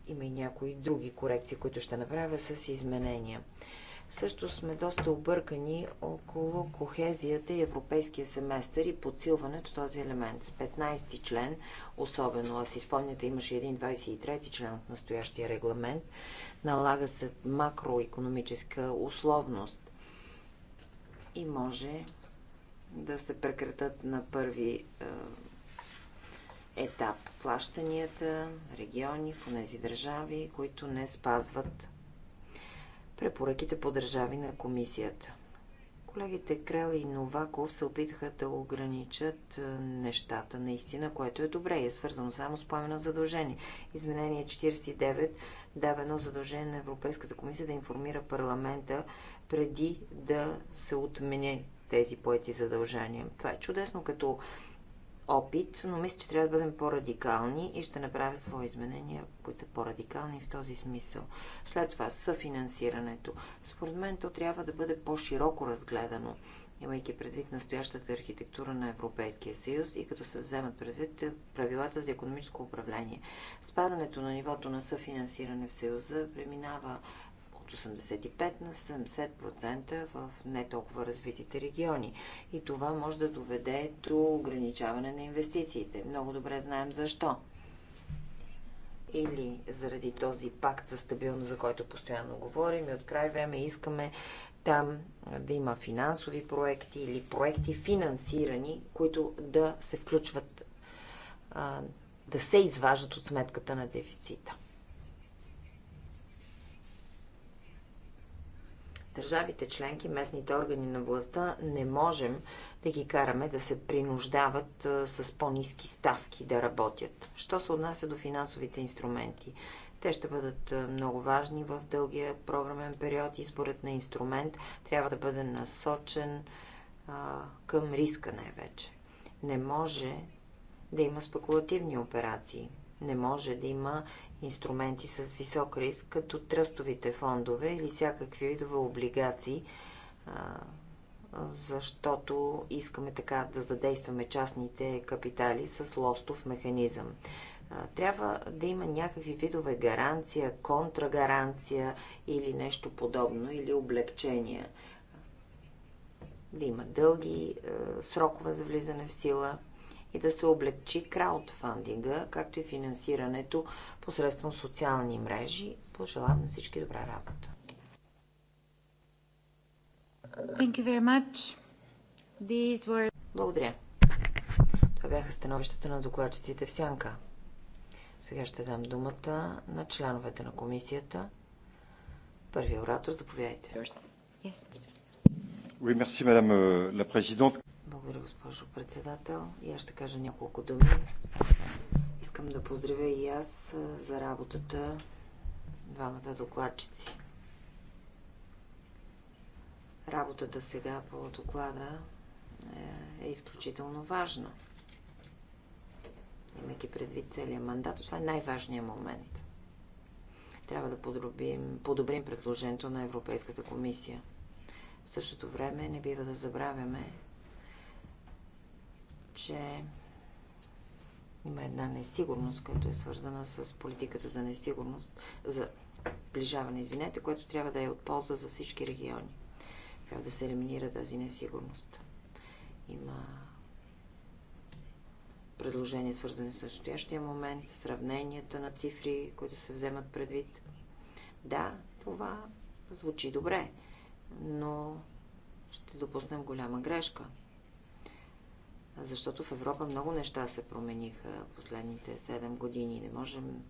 Има и някои други корекции, които ще направя с изменения. Също сме доста объркани около кохезията и европейския семестър и подсилването този елемент. С 15-ти член, особено, а си спомняте, имаше един 23-ти член от настоящия регламент, налага се макроекономическа условност и може да се прекратат на първи етап плащанията, региони в тези държави, които не спазват препоръките по държави на комисията. Колегите Крел и Новаков се опитаха да ограничат нещата наистина, което е добре и е свързано само с поемено задължение. Изменение 49 дава едно задължение на Европейската комисия да информира парламента преди да се отмени тези поети задължения. Това е чудесно като опит, но мисля, че трябва да бъдем по-радикални и ще направя свои изменения, които са по-радикални в този смисъл. След това съфинансирането. Според мен то трябва да бъде по-широко разгледано, имайки предвид настоящата архитектура на Европейския съюз и като се вземат предвид правилата за економическо управление. Спадането на нивото на съфинансиране в съюза преминава 85 на 70% в не толкова развитите региони. И това може да доведе до ограничаване на инвестициите. Много добре знаем защо. Или заради този пакт за стабилност, за който постоянно говорим и от край време искаме там да има финансови проекти или проекти финансирани, които да се включват, да се изважат от сметката на дефицита. Държавите членки, местните органи на властта не можем да ги караме да се принуждават с по-низки ставки да работят. Що се отнася до финансовите инструменти? Те ще бъдат много важни в дългия програмен период. Изборът на инструмент трябва да бъде насочен а, към риска най-вече. Не може да има спекулативни операции. Не може да има инструменти с висок риск, като тръстовите фондове или всякакви видове облигации, защото искаме така да задействаме частните капитали с лостов механизъм. Трябва да има някакви видове гаранция, контрагаранция или нещо подобно, или облегчения. Да има дълги срокове за влизане в сила – и да се облегчи краудфандинга, както и финансирането посредством социални мрежи. Пожелавам на всички добра работа. Thank you very much. These were... Благодаря. Това бяха становищата на докладчиците в Сянка. Сега ще дам думата на членовете на комисията. Първи оратор, заповядайте. Yes. Oui, merci, madame euh, la présidente. Благодаря, госпожо председател. И аз ще кажа няколко думи. Искам да поздравя и аз за работата двамата докладчици. Работата сега по доклада е, е изключително важна. Имайки предвид целият мандат, това е най-важният момент. Трябва да подробим, подобрим предложението на Европейската комисия. В същото време не бива да забравяме, че има една несигурност, която е свързана с политиката за несигурност, за сближаване, извинете, което трябва да е от полза за всички региони. Трябва да се елиминира тази несигурност. Има предложения, свързани с настоящия момент, сравненията на цифри, които се вземат предвид. Да, това звучи добре, но ще допуснем голяма грешка – защото в Европа много неща се промениха последните 7 години. Не можем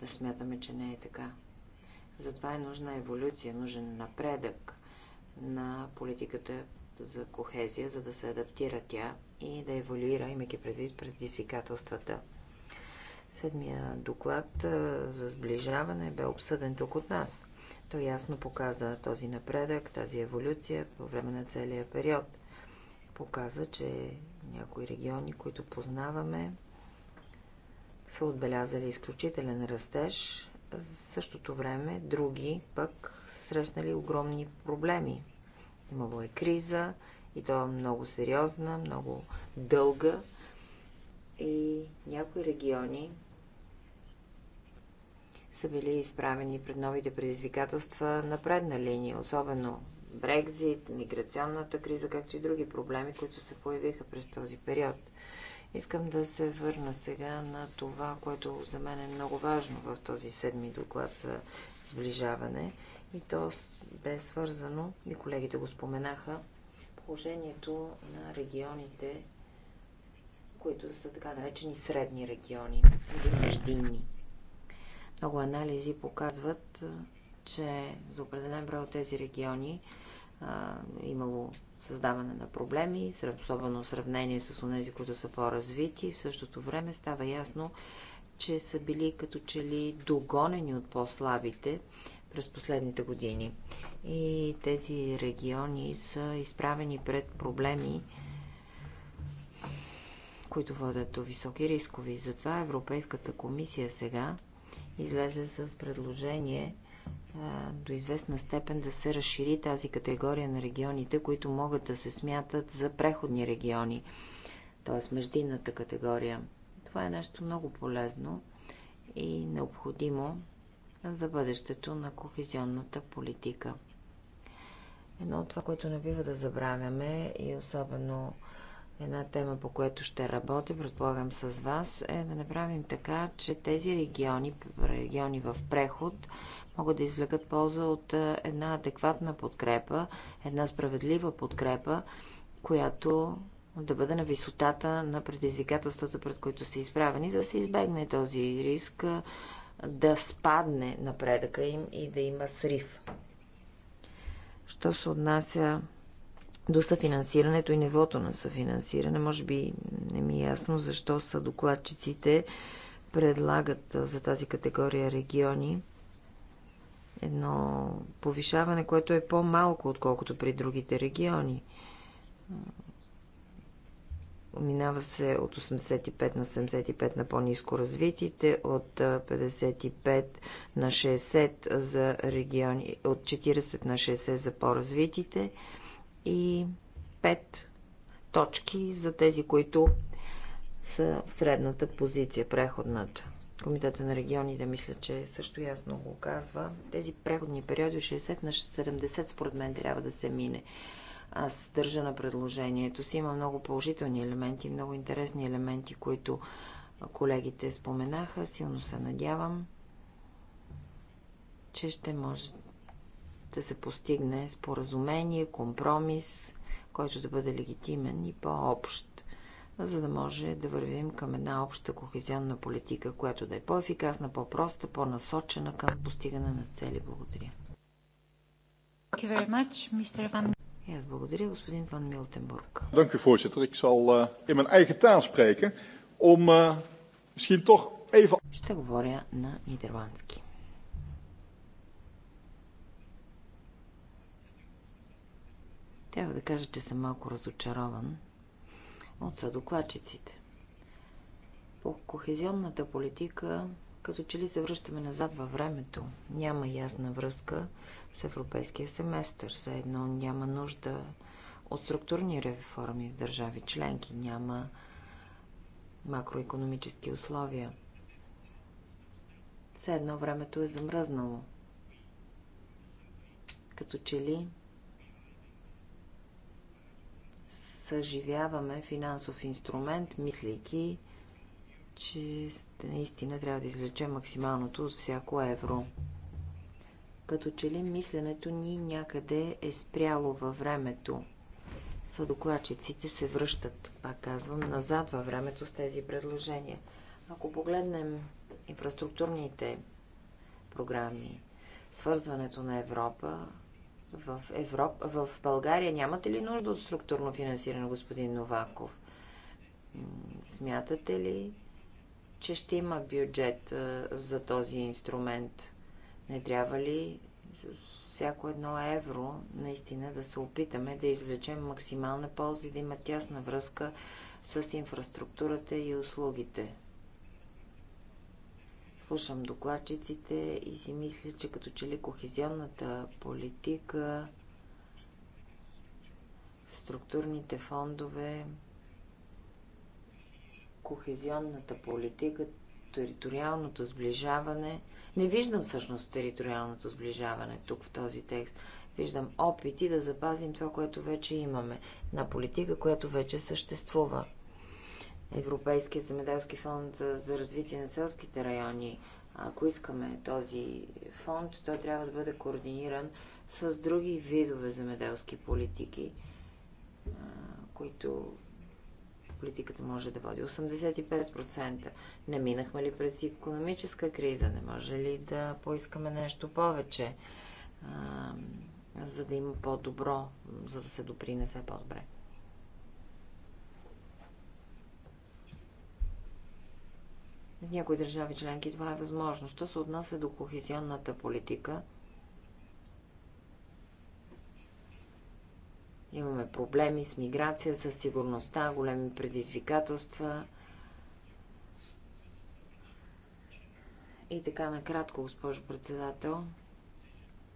да смятаме, че не е така. Затова е нужна еволюция, нужен напредък на политиката за кохезия, за да се адаптира тя и да еволюира, имайки предвид предизвикателствата. Седмия доклад за сближаване бе обсъден тук от нас. Той ясно показа този напредък, тази еволюция по време на целия период. Показа, че някои региони, които познаваме, са отбелязали изключителен растеж. За същото време други пък са срещнали огромни проблеми. Имало е криза и то е много сериозна, много дълга. И някои региони са били изправени пред новите предизвикателства на предна линия, особено Брекзит, миграционната криза, както и други проблеми, които се появиха през този период. Искам да се върна сега на това, което за мен е много важно в този седми доклад за сближаване. И то бе свързано, и колегите го споменаха, положението на регионите, които са така наречени средни региони или междинни. Много анализи показват, че за определен брой от тези региони а, имало създаване на проблеми, особено в сравнение с тези, които са по-развити. В същото време става ясно, че са били като че ли догонени от по-слабите през последните години. И тези региони са изправени пред проблеми, които водят до високи рискови. Затова Европейската комисия сега излезе с предложение до известна степен да се разшири тази категория на регионите, които могат да се смятат за преходни региони, т.е. междинната категория. Това е нещо много полезно и необходимо за бъдещето на кохезионната политика. Едно от това, което не бива да забравяме и особено Една тема, по която ще работя, предполагам с вас, е да направим така, че тези региони, региони в преход, могат да извлекат полза от една адекватна подкрепа, една справедлива подкрепа, която да бъде на висотата на предизвикателствата, пред които са изправени, за да се избегне този риск да спадне напредъка им и да има срив. Що се отнася до съфинансирането и нивото на съфинансиране. Може би не ми е ясно защо са докладчиците предлагат за тази категория региони едно повишаване, което е по-малко, отколкото при другите региони. Минава се от 85 на 75 на по-низко развитите, от 55 на 60 за региони, от 40 на 60 за по-развитите и 5 точки за тези, които са в средната позиция, преходната. Комитета на регионите, мисля, че също ясно го казва. Тези преходни периоди от 60 на 70 според мен трябва да се мине. Аз държа на предложението си. Има много положителни елементи, много интересни елементи, които колегите споменаха. Силно се надявам, че ще може ще се постигне споразумение, компромис, който да бъде легитимен и по-общ, за да може да вървим към една обща кохезионна политика, която да е по-ефикасна, по-проста, по-насочена към постигане на цели. Благодаря. Thank и аз благодаря, господин Ван Милтенбург. Dank u, voorzitter. Ik zal uh, in mijn eigen taal spreken om uh, misschien toch even... Ще говоря на нидерландски. Трябва да кажа, че съм малко разочарован от съдокладчиците. По кохезионната политика, като че ли се връщаме назад във времето, няма ясна връзка с европейския семестър. Заедно няма нужда от структурни реформи в държави членки, няма макроекономически условия. Все едно времето е замръзнало. Като че ли съживяваме финансов инструмент, мислейки, че наистина трябва да извлечем максималното от всяко евро. Като че ли мисленето ни някъде е спряло във времето. Съдокладчиците се връщат, пак казвам, назад във времето с тези предложения. Ако погледнем инфраструктурните програми, свързването на Европа, в Европа, в България нямате ли нужда от структурно финансиране, господин Новаков? Смятате ли, че ще има бюджет за този инструмент? Не трябва ли всяко едно евро наистина да се опитаме да извлечем максимална полза и да има тясна връзка с инфраструктурата и услугите? Слушам докладчиците и си мисля, че като че ли кохезионната политика, структурните фондове, кохезионната политика, териториалното сближаване. Не виждам всъщност териториалното сближаване тук в този текст. Виждам опити да запазим това, което вече имаме, на политика, която вече съществува. Европейския земеделски фонд за, за развитие на селските райони. Ако искаме този фонд, той трябва да бъде координиран с други видове земеделски политики, които политиката може да води. 85% не минахме ли през економическа криза? Не може ли да поискаме нещо повече, за да има по-добро, за да се допринесе по-добре? В някои държави членки това е възможно. Що се отнася до кохезионната политика, имаме проблеми с миграция, с сигурността, големи предизвикателства. И така накратко, госпожо председател,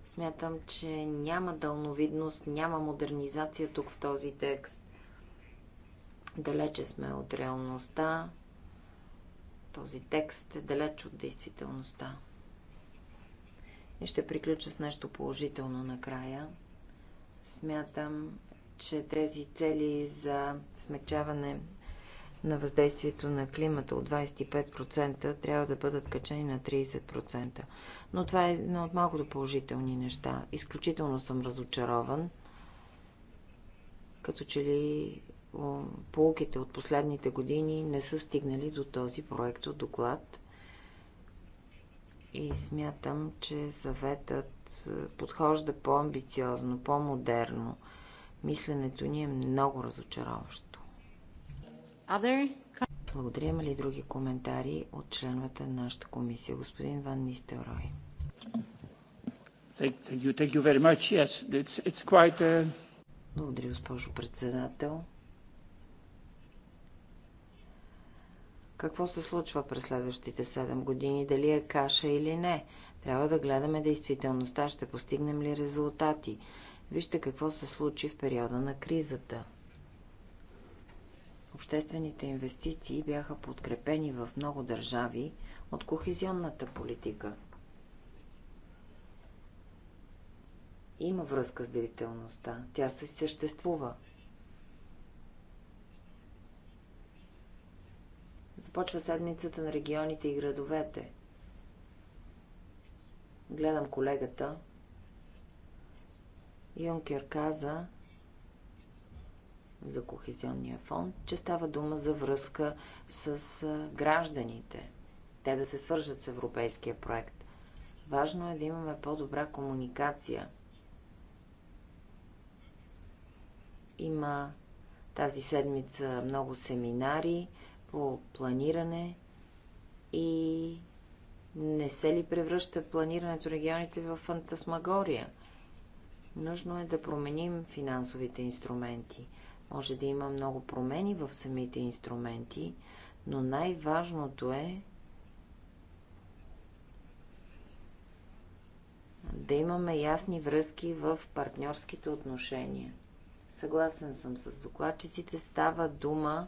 смятам, че няма дълновидност, няма модернизация тук в този текст. Далече сме от реалността. Този текст е далеч от действителността. И ще приключа с нещо положително накрая. Смятам, че тези цели за смягчаване на въздействието на климата от 25% трябва да бъдат качени на 30%. Но това е едно от малкото положителни неща. Изключително съм разочарован. Като че ли полуките от последните години не са стигнали до този проект от доклад. И смятам, че съветът е, подхожда по-амбициозно, по-модерно. Мисленето ни е много разочароващо. Other... Благодаря. Има ли други коментари от членовете на нашата комисия? Господин Ван Нистелрой. Uh, Благодаря, госпожо председател. какво се случва през следващите 7 години, дали е каша или не. Трябва да гледаме действителността, ще постигнем ли резултати. Вижте какво се случи в периода на кризата. Обществените инвестиции бяха подкрепени в много държави от кохезионната политика. Има връзка с делителността. Тя се съществува. Започва седмицата на регионите и градовете. Гледам колегата. Юнкер каза за Кохезионния фонд, че става дума за връзка с гражданите. Те да се свържат с европейския проект. Важно е да имаме по-добра комуникация. Има тази седмица много семинари по планиране и не се ли превръща планирането на регионите в фантасмагория? Нужно е да променим финансовите инструменти. Може да има много промени в самите инструменти, но най-важното е да имаме ясни връзки в партньорските отношения. Съгласен съм с докладчиците. Става дума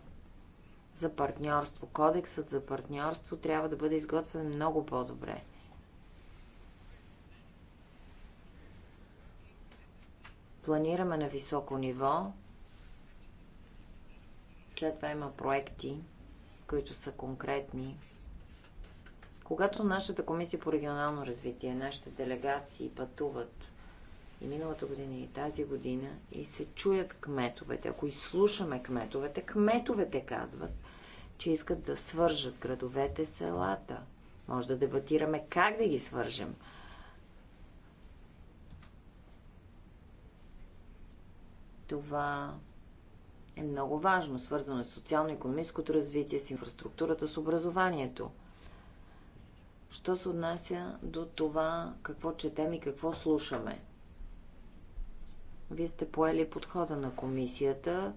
за партньорство. Кодексът за партньорство трябва да бъде изготвен много по-добре. Планираме на високо ниво. След това има проекти, които са конкретни. Когато нашата комисия по регионално развитие, нашите делегации пътуват и миналата година, и тази година, и се чуят кметовете. Ако изслушаме кметовете, кметовете казват, че искат да свържат градовете, селата. Може да дебатираме как да ги свържем. Това е много важно. Свързано е с социално-економическото развитие, с инфраструктурата, с образованието. Що се отнася до това какво четем и какво слушаме? Вие сте поели подхода на комисията,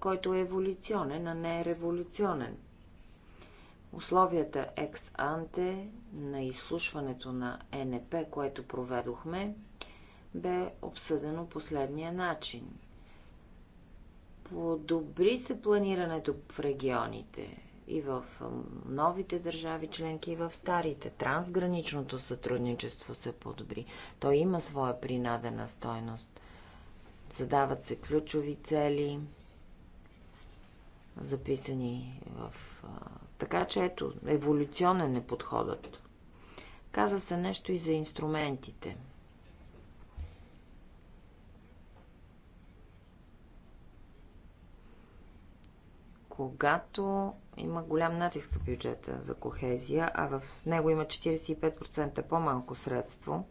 който е еволюционен, а не е революционен. Условията екс-анте на изслушването на НП, което проведохме, бе обсъдено последния начин. Подобри се планирането в регионите и в новите държави членки, и в старите. Трансграничното сътрудничество се подобри. То има своя принадена стойност. Задават се ключови цели, записани в... Така че ето, еволюционен е подходът. Каза се нещо и за инструментите. когато има голям натиск в бюджета за кохезия, а в него има 45% по-малко средство,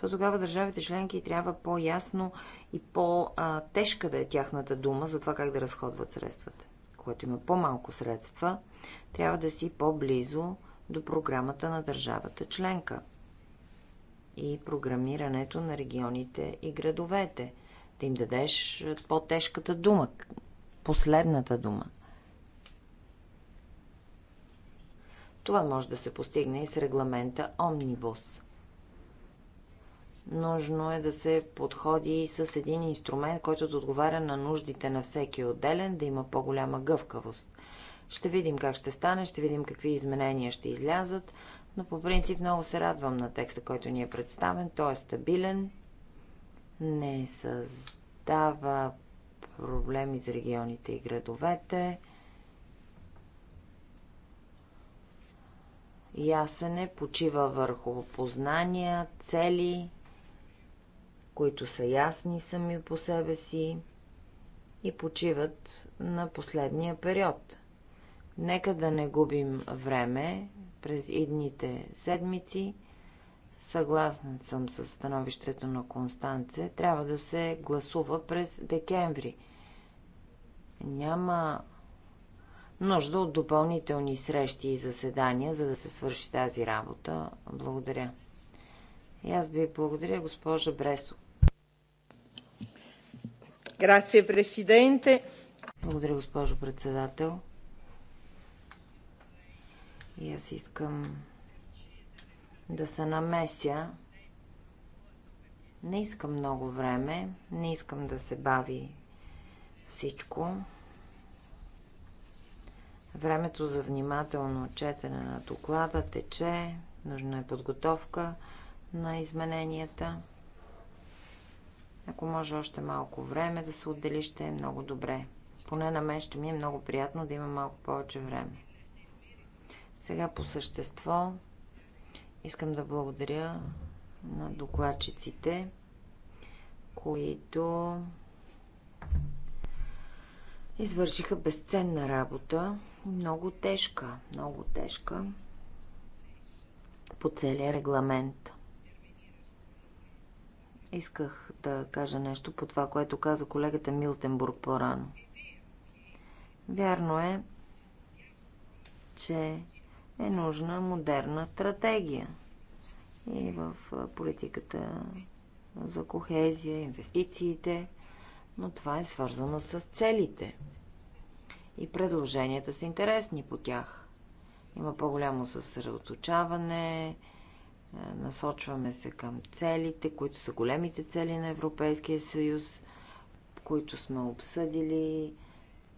то тогава държавите членки трябва по-ясно и по-тежка да е тяхната дума за това как да разходват средствата. Когато има по-малко средства, трябва да си по-близо до програмата на държавата членка и програмирането на регионите и градовете. Да им дадеш по-тежката дума, последната дума. Това може да се постигне и с регламента Омнибус – Нужно е да се подходи с един инструмент, който да отговаря на нуждите на всеки отделен, да има по-голяма гъвкавост. Ще видим как ще стане, ще видим какви изменения ще излязат, но по принцип много се радвам на текста, който ни е представен. Той е стабилен, не създава проблеми за регионите и градовете. Ясен е, почива върху познания, цели които са ясни сами по себе си и почиват на последния период. Нека да не губим време през идните седмици. Съгласен съм с становището на Констанце. Трябва да се гласува през декември. Няма нужда от допълнителни срещи и заседания, за да се свърши тази работа. Благодаря. И аз ви благодаря, госпожа Бресок. Грация, президенте. Благодаря, госпожо председател. И аз искам да се намеся. Не искам много време, не искам да се бави всичко. Времето за внимателно четене на доклада тече, нужна е подготовка на измененията. Ако може още малко време да се отдели, ще е много добре. Поне на мен ще ми е много приятно да има малко повече време. Сега по същество искам да благодаря на докладчиците, които извършиха безценна работа, много тежка, много тежка по целия регламент. Исках да кажа нещо по това, което каза колегата Милтенбург по-рано. Вярно е, че е нужна модерна стратегия и в политиката за кохезия, инвестициите, но това е свързано с целите. И предложенията са интересни по тях. Има по-голямо съсредоточаване, е, насочваме се към целите, които са големите цели на Европейския съюз, които сме обсъдили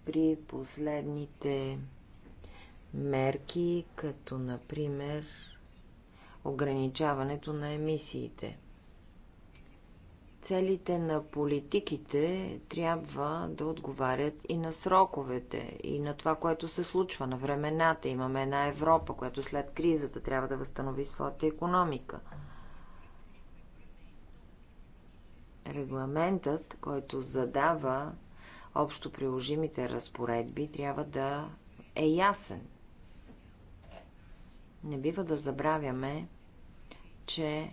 при последните мерки, като например ограничаването на емисиите – целите на политиките трябва да отговарят и на сроковете, и на това, което се случва, на времената. Имаме една Европа, която след кризата трябва да възстанови своята економика. Регламентът, който задава общо приложимите разпоредби, трябва да е ясен. Не бива да забравяме, че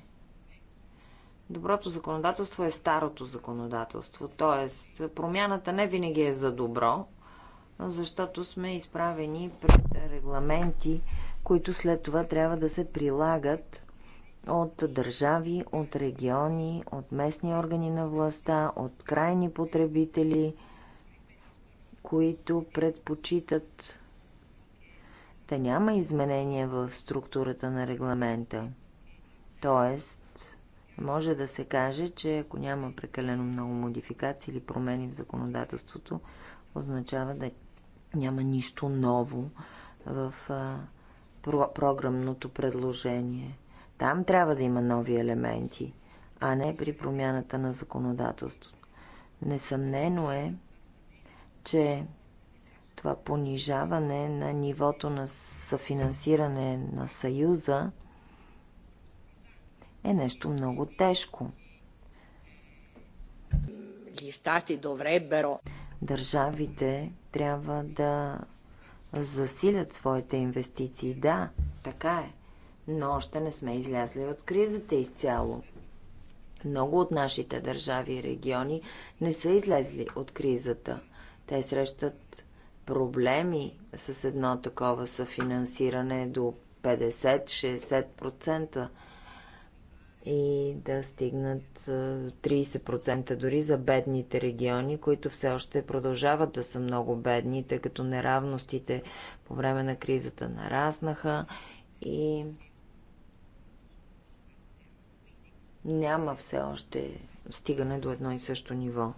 Доброто законодателство е старото законодателство, т.е. промяната не винаги е за добро, защото сме изправени пред регламенти, които след това трябва да се прилагат от държави, от региони, от местни органи на властта, от крайни потребители, които предпочитат да няма изменения в структурата на регламента. Тоест, може да се каже, че ако няма прекалено много модификации или промени в законодателството, означава да няма нищо ново в а, про- програмното предложение. Там трябва да има нови елементи, а не при промяната на законодателството. Несъмнено е, че това понижаване на нивото на съфинансиране на Съюза – е нещо много тежко. Държавите трябва да засилят своите инвестиции. Да, така е. Но още не сме излязли от кризата изцяло. Много от нашите държави и региони не са излезли от кризата. Те срещат проблеми с едно такова съфинансиране до 50-60% и да стигнат 30% дори за бедните региони, които все още продължават да са много бедни, тъй като неравностите по време на кризата нараснаха и няма все още стигане до едно и също ниво.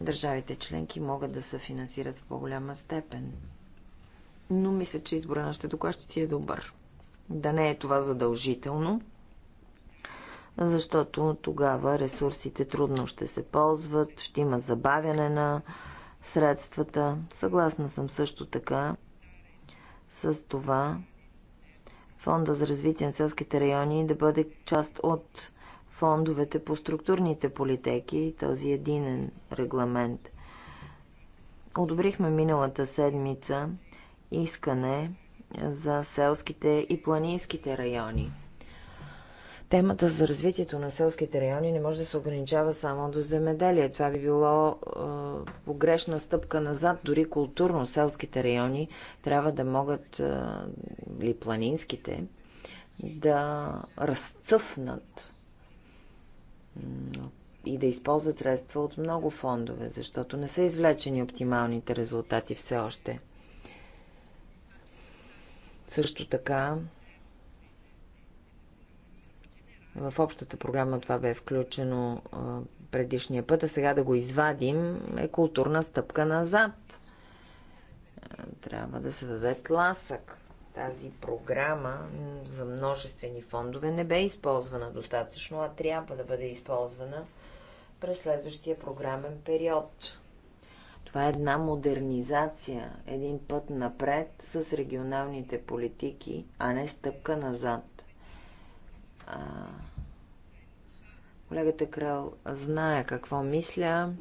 Държавите членки могат да се финансират в по-голяма степен. Но мисля, че избора на ще си е добър. Да не е това задължително, защото тогава ресурсите трудно ще се ползват, ще има забавяне на средствата. Съгласна съм също така с това Фонда за развитие на селските райони да бъде част от фондовете по структурните политики, този единен регламент. Одобрихме миналата седмица искане за селските и планинските райони – Темата за развитието на селските райони не може да се ограничава само до земеделие. Това би било е, погрешна стъпка назад. Дори културно селските райони трябва да могат, е, или планинските, да разцъфнат и да използват средства от много фондове, защото не са извлечени оптималните резултати все още. Също така в общата програма това бе включено предишния път, а сега да го извадим е културна стъпка назад. Трябва да се даде тласък. Тази програма за множествени фондове не бе използвана достатъчно, а трябва да бъде използвана през следващия програмен период. Това е една модернизация, един път напред с регионалните политики, а не стъпка назад. Колегата Крал знае какво мисля.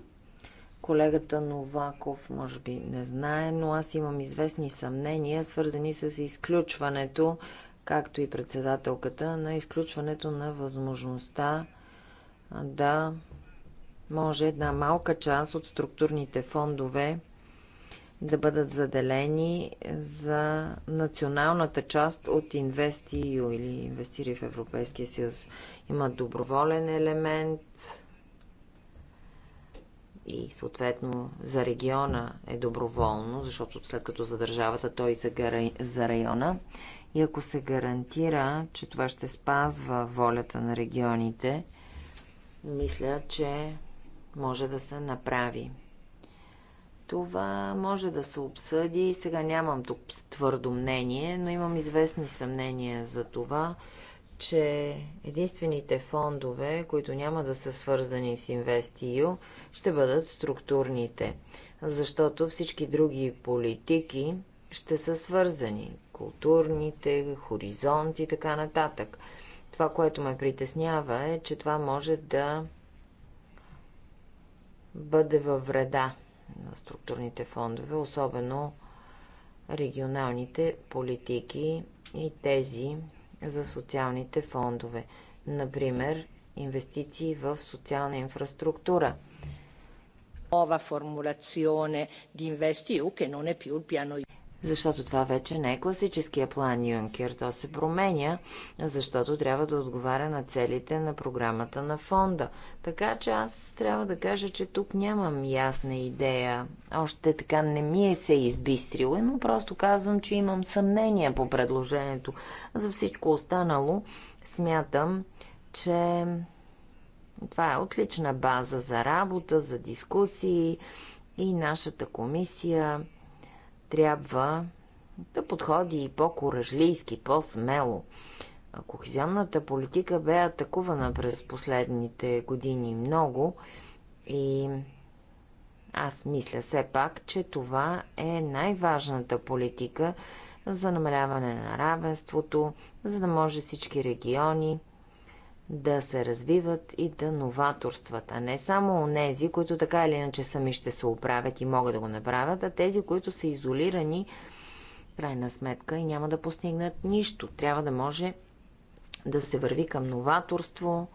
Колегата Новаков, може би, не знае, но аз имам известни съмнения, свързани с изключването, както и председателката, на изключването на възможността да може една малка част от структурните фондове да бъдат заделени за националната част от InvestEU или инвестири в Европейския съюз. Има доброволен елемент и съответно за региона е доброволно, защото след като за държавата той и гара... за района. И ако се гарантира, че това ще спазва волята на регионите, мисля, че може да се направи. Това може да се обсъди. Сега нямам тук твърдо мнение, но имам известни съмнения за това, че единствените фондове, които няма да са свързани с InvestEU, ще бъдат структурните, защото всички други политики ще са свързани. Културните, хоризонт и така нататък. Това, което ме притеснява е, че това може да бъде във вреда на структурните фондове, особено регионалните политики и тези за социалните фондове. Например, инвестиции в социална инфраструктура. Нова формулация на InvestEU, che не е più пиано защото това вече не е класическия план Юнкер. То се променя, защото трябва да отговаря на целите на програмата на фонда. Така че аз трябва да кажа, че тук нямам ясна идея. Още така не ми е се избистрила, но просто казвам, че имам съмнение по предложението. За всичко останало смятам, че това е отлична база за работа, за дискусии и нашата комисия трябва да подходи и по-коражлийски, по-смело. Кохезионната политика бе атакувана през последните години много и аз мисля все пак, че това е най-важната политика за намаляване на равенството, за да може всички региони да се развиват и да новаторстват, а не само онези, които така или иначе сами ще се оправят и могат да го направят, а тези, които са изолирани, крайна сметка, и няма да постигнат нищо. Трябва да може да се върви към новаторство,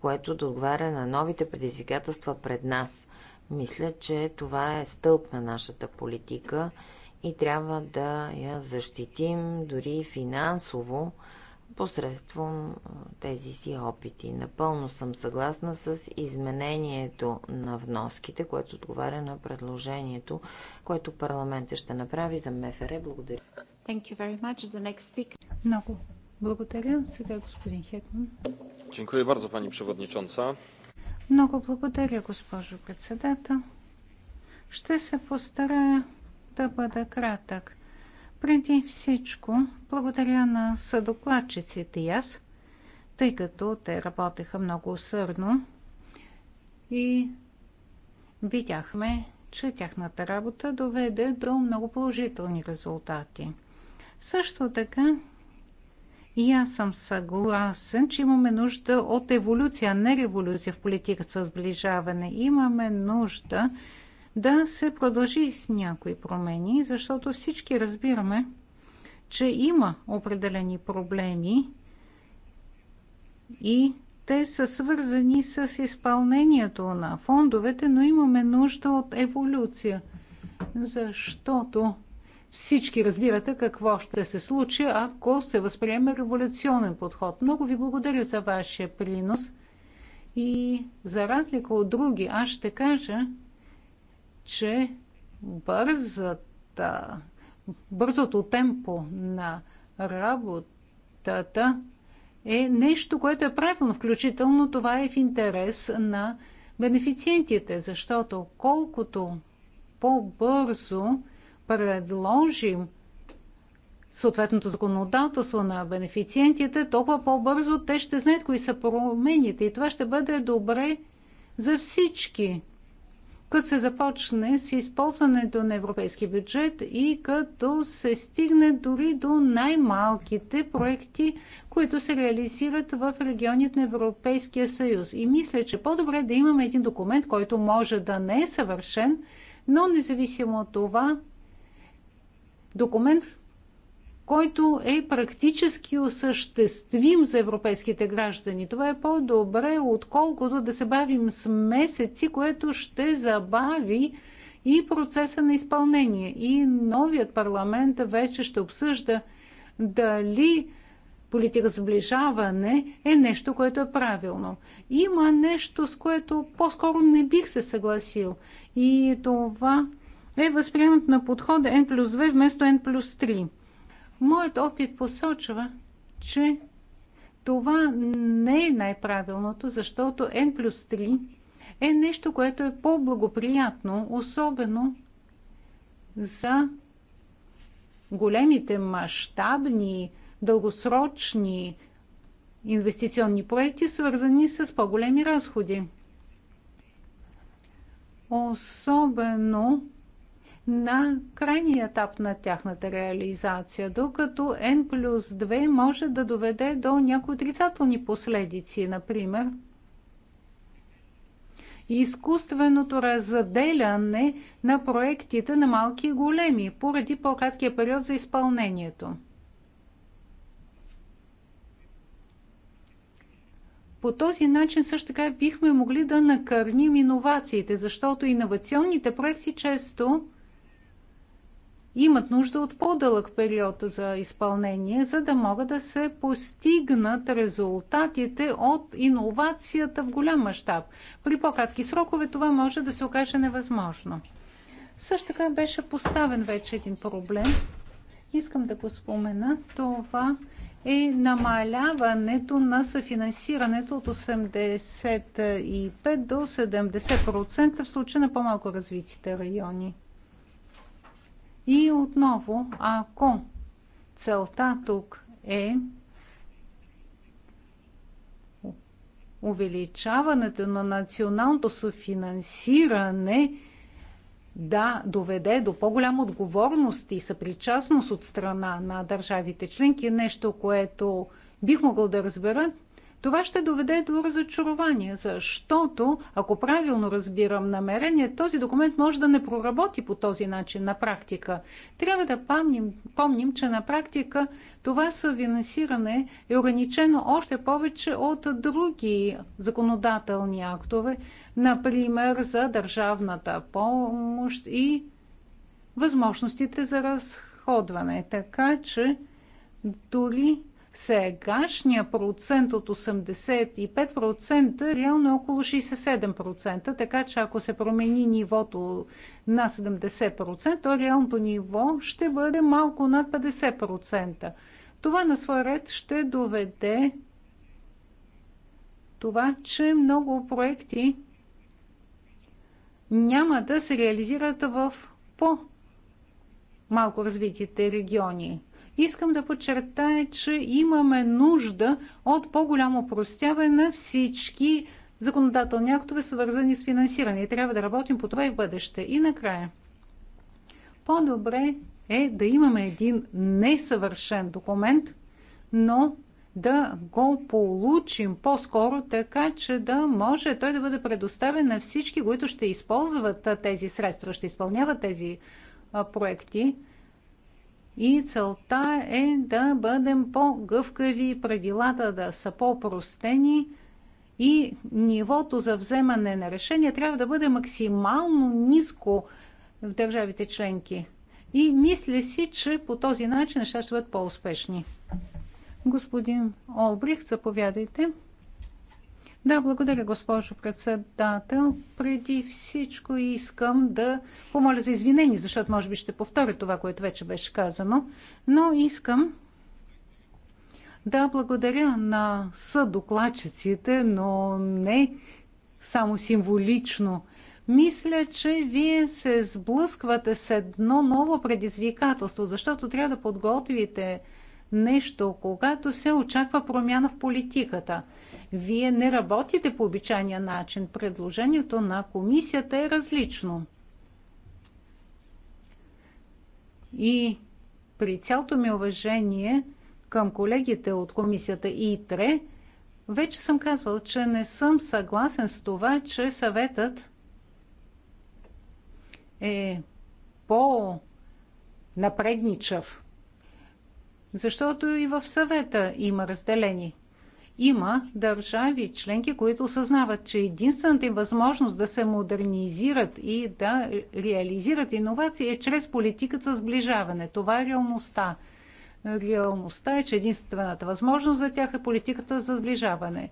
което да отговаря на новите предизвикателства пред нас. Мисля, че това е стълб на нашата политика и трябва да я защитим дори финансово, посредством тези си опити. Напълно съм съгласна с изменението на вноските, което отговаря на предложението, което парламента ще направи за МФР. Благодаря. Thank you very much. The next speaker. Много благодаря. Сега господин Хекман. Dziękuję bardzo, pani przewodnicząca. Много благодаря, госпожо председател. Ще се постарая да бъда кратък. Преди всичко, благодаря на съдокладчиците и аз, тъй като те работеха много усърдно и видяхме, че тяхната работа доведе до много положителни резултати. Също така и аз съм съгласен, че имаме нужда от еволюция, а не революция в политиката за сближаване. Имаме нужда да се продължи с някои промени, защото всички разбираме, че има определени проблеми и те са свързани с изпълнението на фондовете, но имаме нужда от еволюция, защото всички разбирате какво ще се случи, ако се възприеме революционен подход. Много ви благодаря за вашия принос и за разлика от други, аз ще кажа, че бързата, бързото темпо на работата е нещо, което е правилно. Включително това е в интерес на бенефициентите, защото колкото по-бързо предложим съответното законодателство на бенефициентите, толкова по-бързо те ще знаят кои са промените и това ще бъде добре за всички като се започне с използването на европейски бюджет и като се стигне дори до най-малките проекти, които се реализират в регионите на Европейския съюз. И мисля, че по-добре да имаме един документ, който може да не е съвършен, но независимо от това, документ, който е практически осъществим за европейските граждани. Това е по-добре, отколкото да се бавим с месеци, което ще забави и процеса на изпълнение. И новият парламент вече ще обсъжда дали политика сближаване е нещо, което е правилно. Има нещо, с което по-скоро не бих се съгласил. И това е възприемането на подхода N плюс 2 вместо N плюс 3. Моят опит посочва, че това не е най-правилното, защото N плюс 3 е нещо, което е по-благоприятно, особено за големите мащабни, дългосрочни инвестиционни проекти, свързани с по-големи разходи. Особено на крайния етап на тяхната реализация, докато N плюс 2 може да доведе до някои отрицателни последици, например изкуственото разделяне на проектите на малки и големи поради по-краткия период за изпълнението. По този начин също така бихме могли да накърним иновациите, защото иновационните проекти често имат нужда от по-дълъг период за изпълнение, за да могат да се постигнат резултатите от иновацията в голям мащаб. При по-кратки срокове това може да се окаже невъзможно. Също така беше поставен вече един проблем. Искам да го спомена. Това е намаляването на съфинансирането от 85 до 70% в случай на по-малко развитите райони. И отново, ако целта тук е увеличаването на националното съфинансиране да доведе до по-голяма отговорност и съпричастност от страна на държавите членки, е нещо, което бих могъл да разбера, това ще доведе до разочарование, защото, ако правилно разбирам намерение, този документ може да не проработи по този начин на практика. Трябва да помним, помним че на практика това съвинансиране е ограничено още повече от други законодателни актове, например за държавната помощ и възможностите за разходване. Така че дори сегашния процент от 85% реално е около 67%, така че ако се промени нивото на 70%, то реалното ниво ще бъде малко над 50%. Това на свой ред ще доведе това, че много проекти няма да се реализират в по-малко развитите региони. Искам да подчертая, че имаме нужда от по-голямо простяване на всички законодателни актове, свързани с финансиране. И трябва да работим по това и в бъдеще. И накрая. По-добре е да имаме един несъвършен документ, но да го получим по-скоро, така че да може той да бъде предоставен на всички, които ще използват тези средства, ще изпълняват тези проекти. И целта е да бъдем по-гъвкави, правилата да са по-простени и нивото за вземане на решение трябва да бъде максимално ниско в държавите членки. И мисля си, че по този начин неща ще бъдат по-успешни. Господин Олбрих, заповядайте. Да, благодаря, госпожо председател. Преди всичко искам да помоля за извинение, защото може би ще повторя това, което вече беше казано, но искам да благодаря на съдокладчиците, но не само символично. Мисля, че вие се сблъсквате с едно ново предизвикателство, защото трябва да подготвите нещо, когато се очаква промяна в политиката – вие не работите по обичайния начин. Предложението на комисията е различно. И при цялото ми уважение към колегите от комисията ИТРЕ, вече съм казвал, че не съм съгласен с това, че съветът е по-напредничав. Защото и в съвета има разделени. Има държави членки, които осъзнават, че единствената им възможност да се модернизират и да реализират иновации е чрез политиката за сближаване. Това е реалността. Реалността е, че единствената възможност за тях е политиката за сближаване.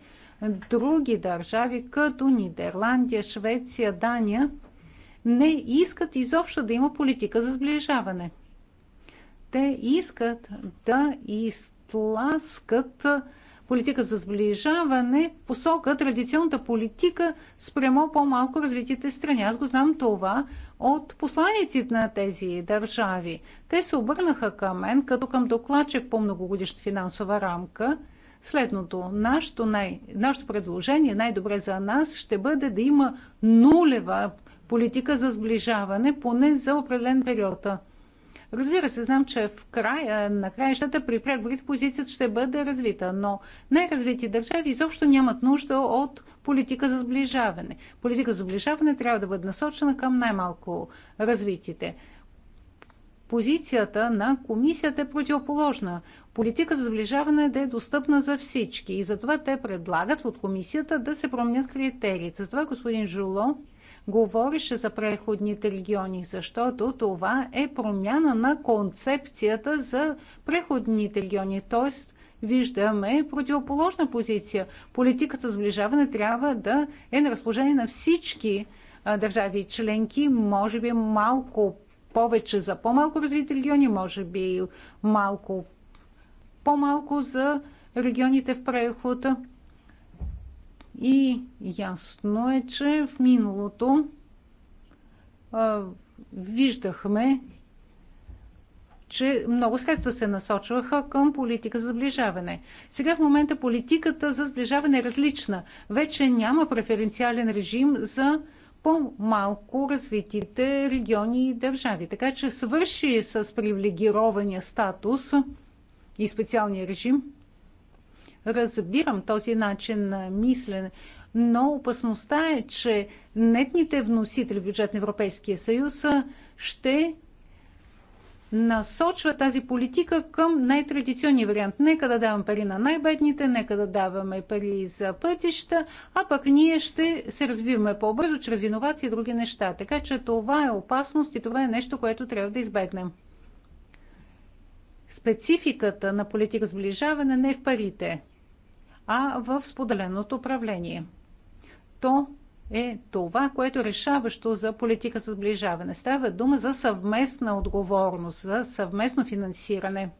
Други държави, като Нидерландия, Швеция, Дания, не искат изобщо да има политика за сближаване. Те искат да изтласкат политика за сближаване в посока традиционната политика спрямо по-малко развитите страни. Аз го знам това от посланиците на тези държави. Те се обърнаха към мен, като към докладчик по многогодишна финансова рамка. Следното, нашето, най, нашето предложение, най-добре за нас, ще бъде да има нулева политика за сближаване, поне за определен период. Разбира се, знам, че в края на краищата при преговорите позицията ще бъде развита, но най-развити държави изобщо нямат нужда от политика за сближаване. Политика за сближаване трябва да бъде насочена към най-малко развитите. Позицията на комисията е противоположна. Политиката за сближаване да е достъпна за всички и затова те предлагат от комисията да се променят критериите. Затова, господин Жуло, говореше за преходните региони, защото това е промяна на концепцията за преходните региони, т.е. виждаме противоположна позиция. Политиката сближаване трябва да е на разположение на всички държави членки, може би малко повече за по-малко развити региони, може би малко по-малко за регионите в прехода. И ясно е, че в миналото а, виждахме, че много средства се насочваха към политика за сближаване. Сега в момента политиката за сближаване е различна. Вече няма преференциален режим за по-малко развитите региони и държави. Така че свърши с привилегирования статус и специалния режим – разбирам този начин на мислене, но опасността е, че нетните вносители в бюджет на Европейския съюз ще насочва тази политика към най-традиционния вариант. Нека да даваме пари на най-бедните, нека да даваме пари за пътища, а пък ние ще се развиваме по-бързо чрез иновации и други неща. Така че това е опасност и това е нещо, което трябва да избегнем. Спецификата на политика сближаване не е в парите а в споделеното управление. То е това, което е решаващо за политика за сближаване. Става дума за съвместна отговорност, за съвместно финансиране,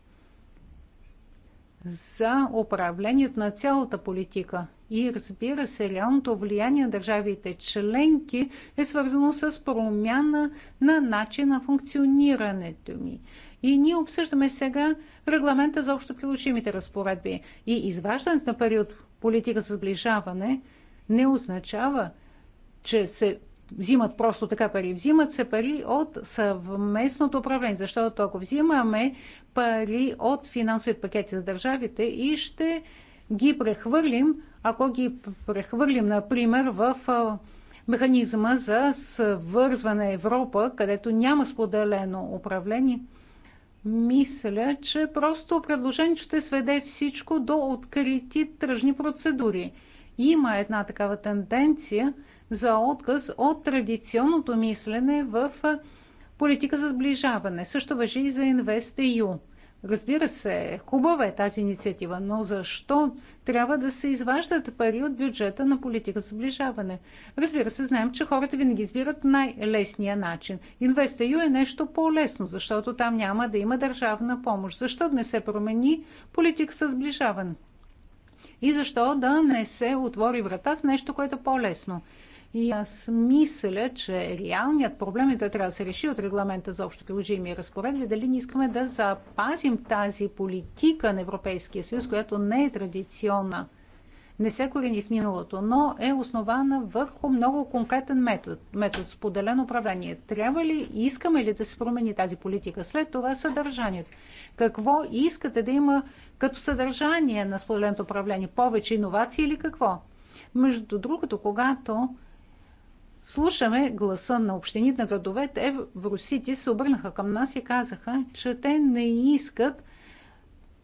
за управлението на цялата политика. И разбира се, реалното влияние на държавите членки е свързано с промяна на начина функционирането ми. И ние обсъждаме сега регламента за общо приложимите разпоредби. И изваждането на пари от политика за сближаване не означава, че се взимат просто така пари. Взимат се пари от съвместното управление, защото ако взимаме пари от финансовите пакети за държавите и ще ги прехвърлим, ако ги прехвърлим, например, в механизма за свързване Европа, където няма споделено управление – мисля, че просто предложението ще сведе всичко до открити тръжни процедури. Има една такава тенденция за отказ от традиционното мислене в политика за сближаване. Също въжи и за InvestEU. Разбира се, хубава е тази инициатива, но защо трябва да се изваждат пари от бюджета на политика за сближаване? Разбира се, знаем, че хората винаги избират най-лесния начин. InvestEU е нещо по-лесно, защото там няма да има държавна помощ. Защо да не се промени политика за сближаване? И защо да не се отвори врата с нещо, което е по-лесно? И аз мисля, че реалният проблем, и е, той трябва да се реши от регламента за общо приложими разпоредби, дали не искаме да запазим тази политика на Европейския съюз, която не е традиционна, не се корени в миналото, но е основана върху много конкретен метод, метод споделено управление. Трябва ли, искаме ли да се промени тази политика? След това съдържанието. Какво искате да има като съдържание на споделеното управление? Повече иновации или какво? Между другото, когато слушаме гласа на общините, на градовете, в Русите се обърнаха към нас и казаха, че те не искат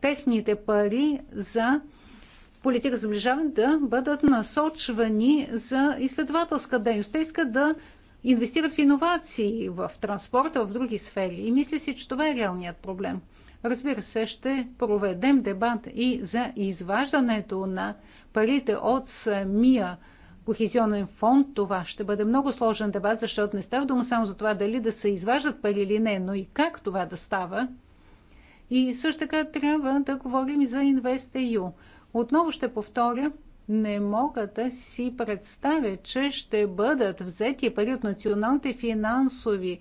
техните пари за политика за ближаване да бъдат насочвани за изследователска дейност. Те искат да инвестират в иновации, в транспорта, в други сфери. И мисля си, че това е реалният проблем. Разбира се, ще проведем дебат и за изваждането на парите от самия кохезионен фонд, това ще бъде много сложен дебат, защото не става дума само за това дали да се изваждат пари или не, но и как това да става. И също така трябва да говорим и за InvestEU. Отново ще повторя, не мога да си представя, че ще бъдат взети пари от националните финансови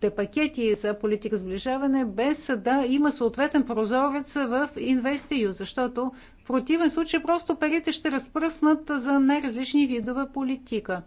те пакети за политика сближаване, без да има съответен прозорец в InvestEU, защото противен случай просто парите ще разпръснат за най-различни видове политика.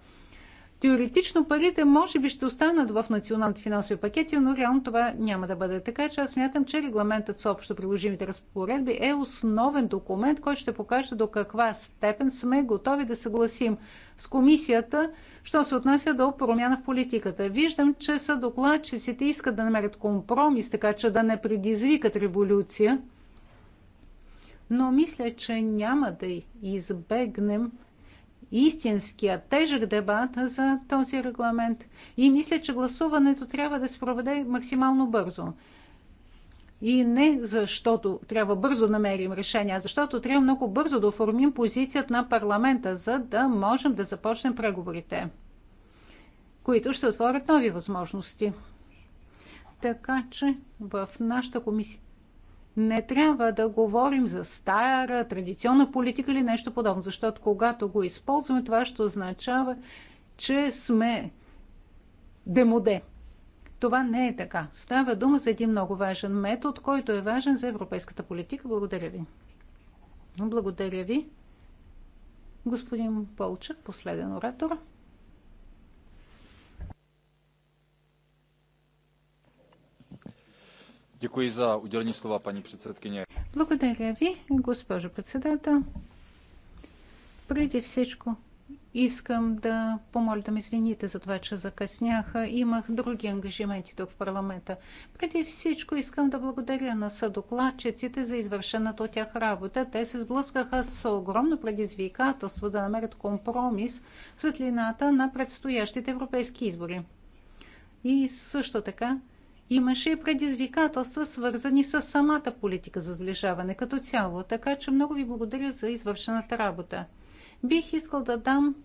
Теоретично парите може би ще останат в националните финансови пакети, но реално това няма да бъде. Така че аз мятам, че регламентът с общо приложимите разпоредби е основен документ, който ще покаже до каква степен сме готови да съгласим с комисията, що се отнася до промяна в политиката. Виждам, че са докладчиците искат да намерят компромис, така че да не предизвикат революция но мисля, че няма да избегнем истинския тежък дебат за този регламент и мисля, че гласуването трябва да се проведе максимално бързо. И не защото трябва бързо да намерим решение, а защото трябва много бързо да оформим позицията на парламента, за да можем да започнем преговорите, които ще отворят нови възможности. Така че в нашата комисия не трябва да говорим за стара, традиционна политика или нещо подобно, защото когато го използваме, това ще означава, че сме демоде. Това не е така. Става дума за един много важен метод, който е важен за европейската политика. Благодаря ви. Благодаря ви. Господин Полчев, последен оратор. Děkuji udělení slova, paní předsedkyně. Благодаря ви, госпожо председател. Преди всичко искам да помоля да ме извините за това, че закъсняха. Имах други ангажименти тук в парламента. Преди всичко искам да благодаря на съдокладчиците за извършената от тях работа. Те се сблъскаха с огромно предизвикателство да намерят компромис светлината на предстоящите европейски избори. И също така имаше и предизвикателства, свързани с самата политика за сближаване като цяло. Така че много ви благодаря за извършената работа. Бих искал да дам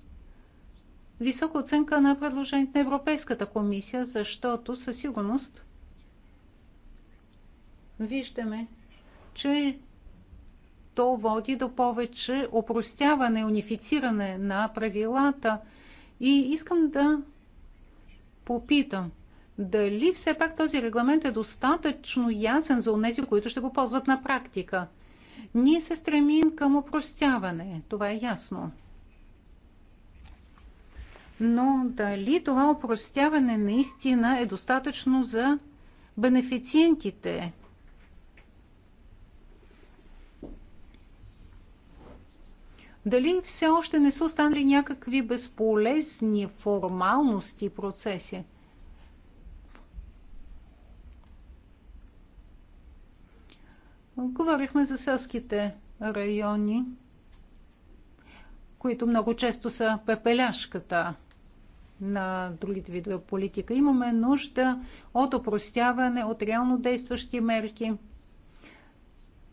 висока оценка на предложението на Европейската комисия, защото със сигурност виждаме, че то води до повече опростяване, унифициране на правилата. И искам да попитам – дали все пак този регламент е достатъчно ясен за онези, които ще го ползват на практика. Ние се стремим към упростяване, това е ясно. Но дали това упростяване наистина е достатъчно за бенефициентите? Дали все още не са останали някакви безполезни формалности и процеси? Говорихме за селските райони, които много често са пепеляшката на другите видове политика. Имаме нужда от опростяване, от реално действащи мерки.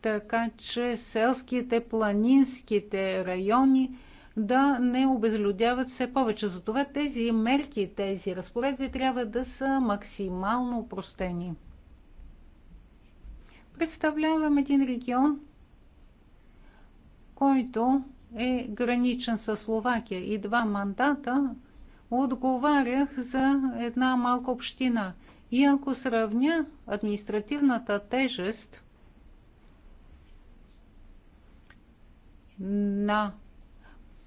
Така че селските, планинските райони да не обезлюдяват все повече. Затова тези мерки, тези разпоредби трябва да са максимално опростени представлявам един регион, който е граничен с Словакия и два мандата отговарях за една малка община. И ако сравня административната тежест на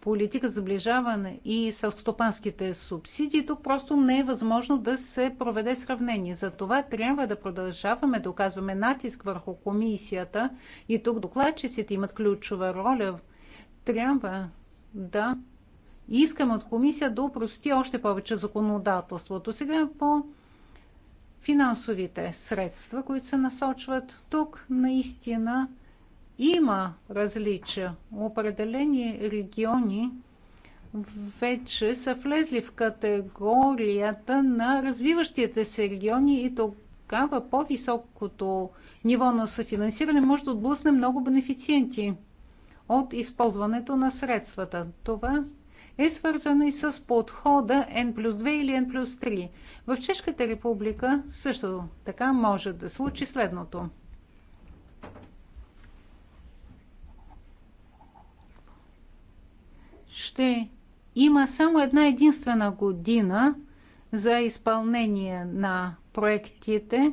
политика за ближаване и селскостопанските субсидии, тук просто не е възможно да се проведе сравнение. За това трябва да продължаваме да оказваме натиск върху комисията и тук докладчиците имат ключова роля. Трябва да искаме от комисия да упрости още повече законодателството. Сега по финансовите средства, които се насочват тук, наистина има различия. Определени региони вече са влезли в категорията на развиващите се региони и тогава по-високото ниво на съфинансиране може да отблъсне много бенефициенти от използването на средствата. Това е свързано и с подхода N плюс 2 или N плюс 3. В Чешката република също така може да случи следното – ще има само една единствена година за изпълнение на проектите,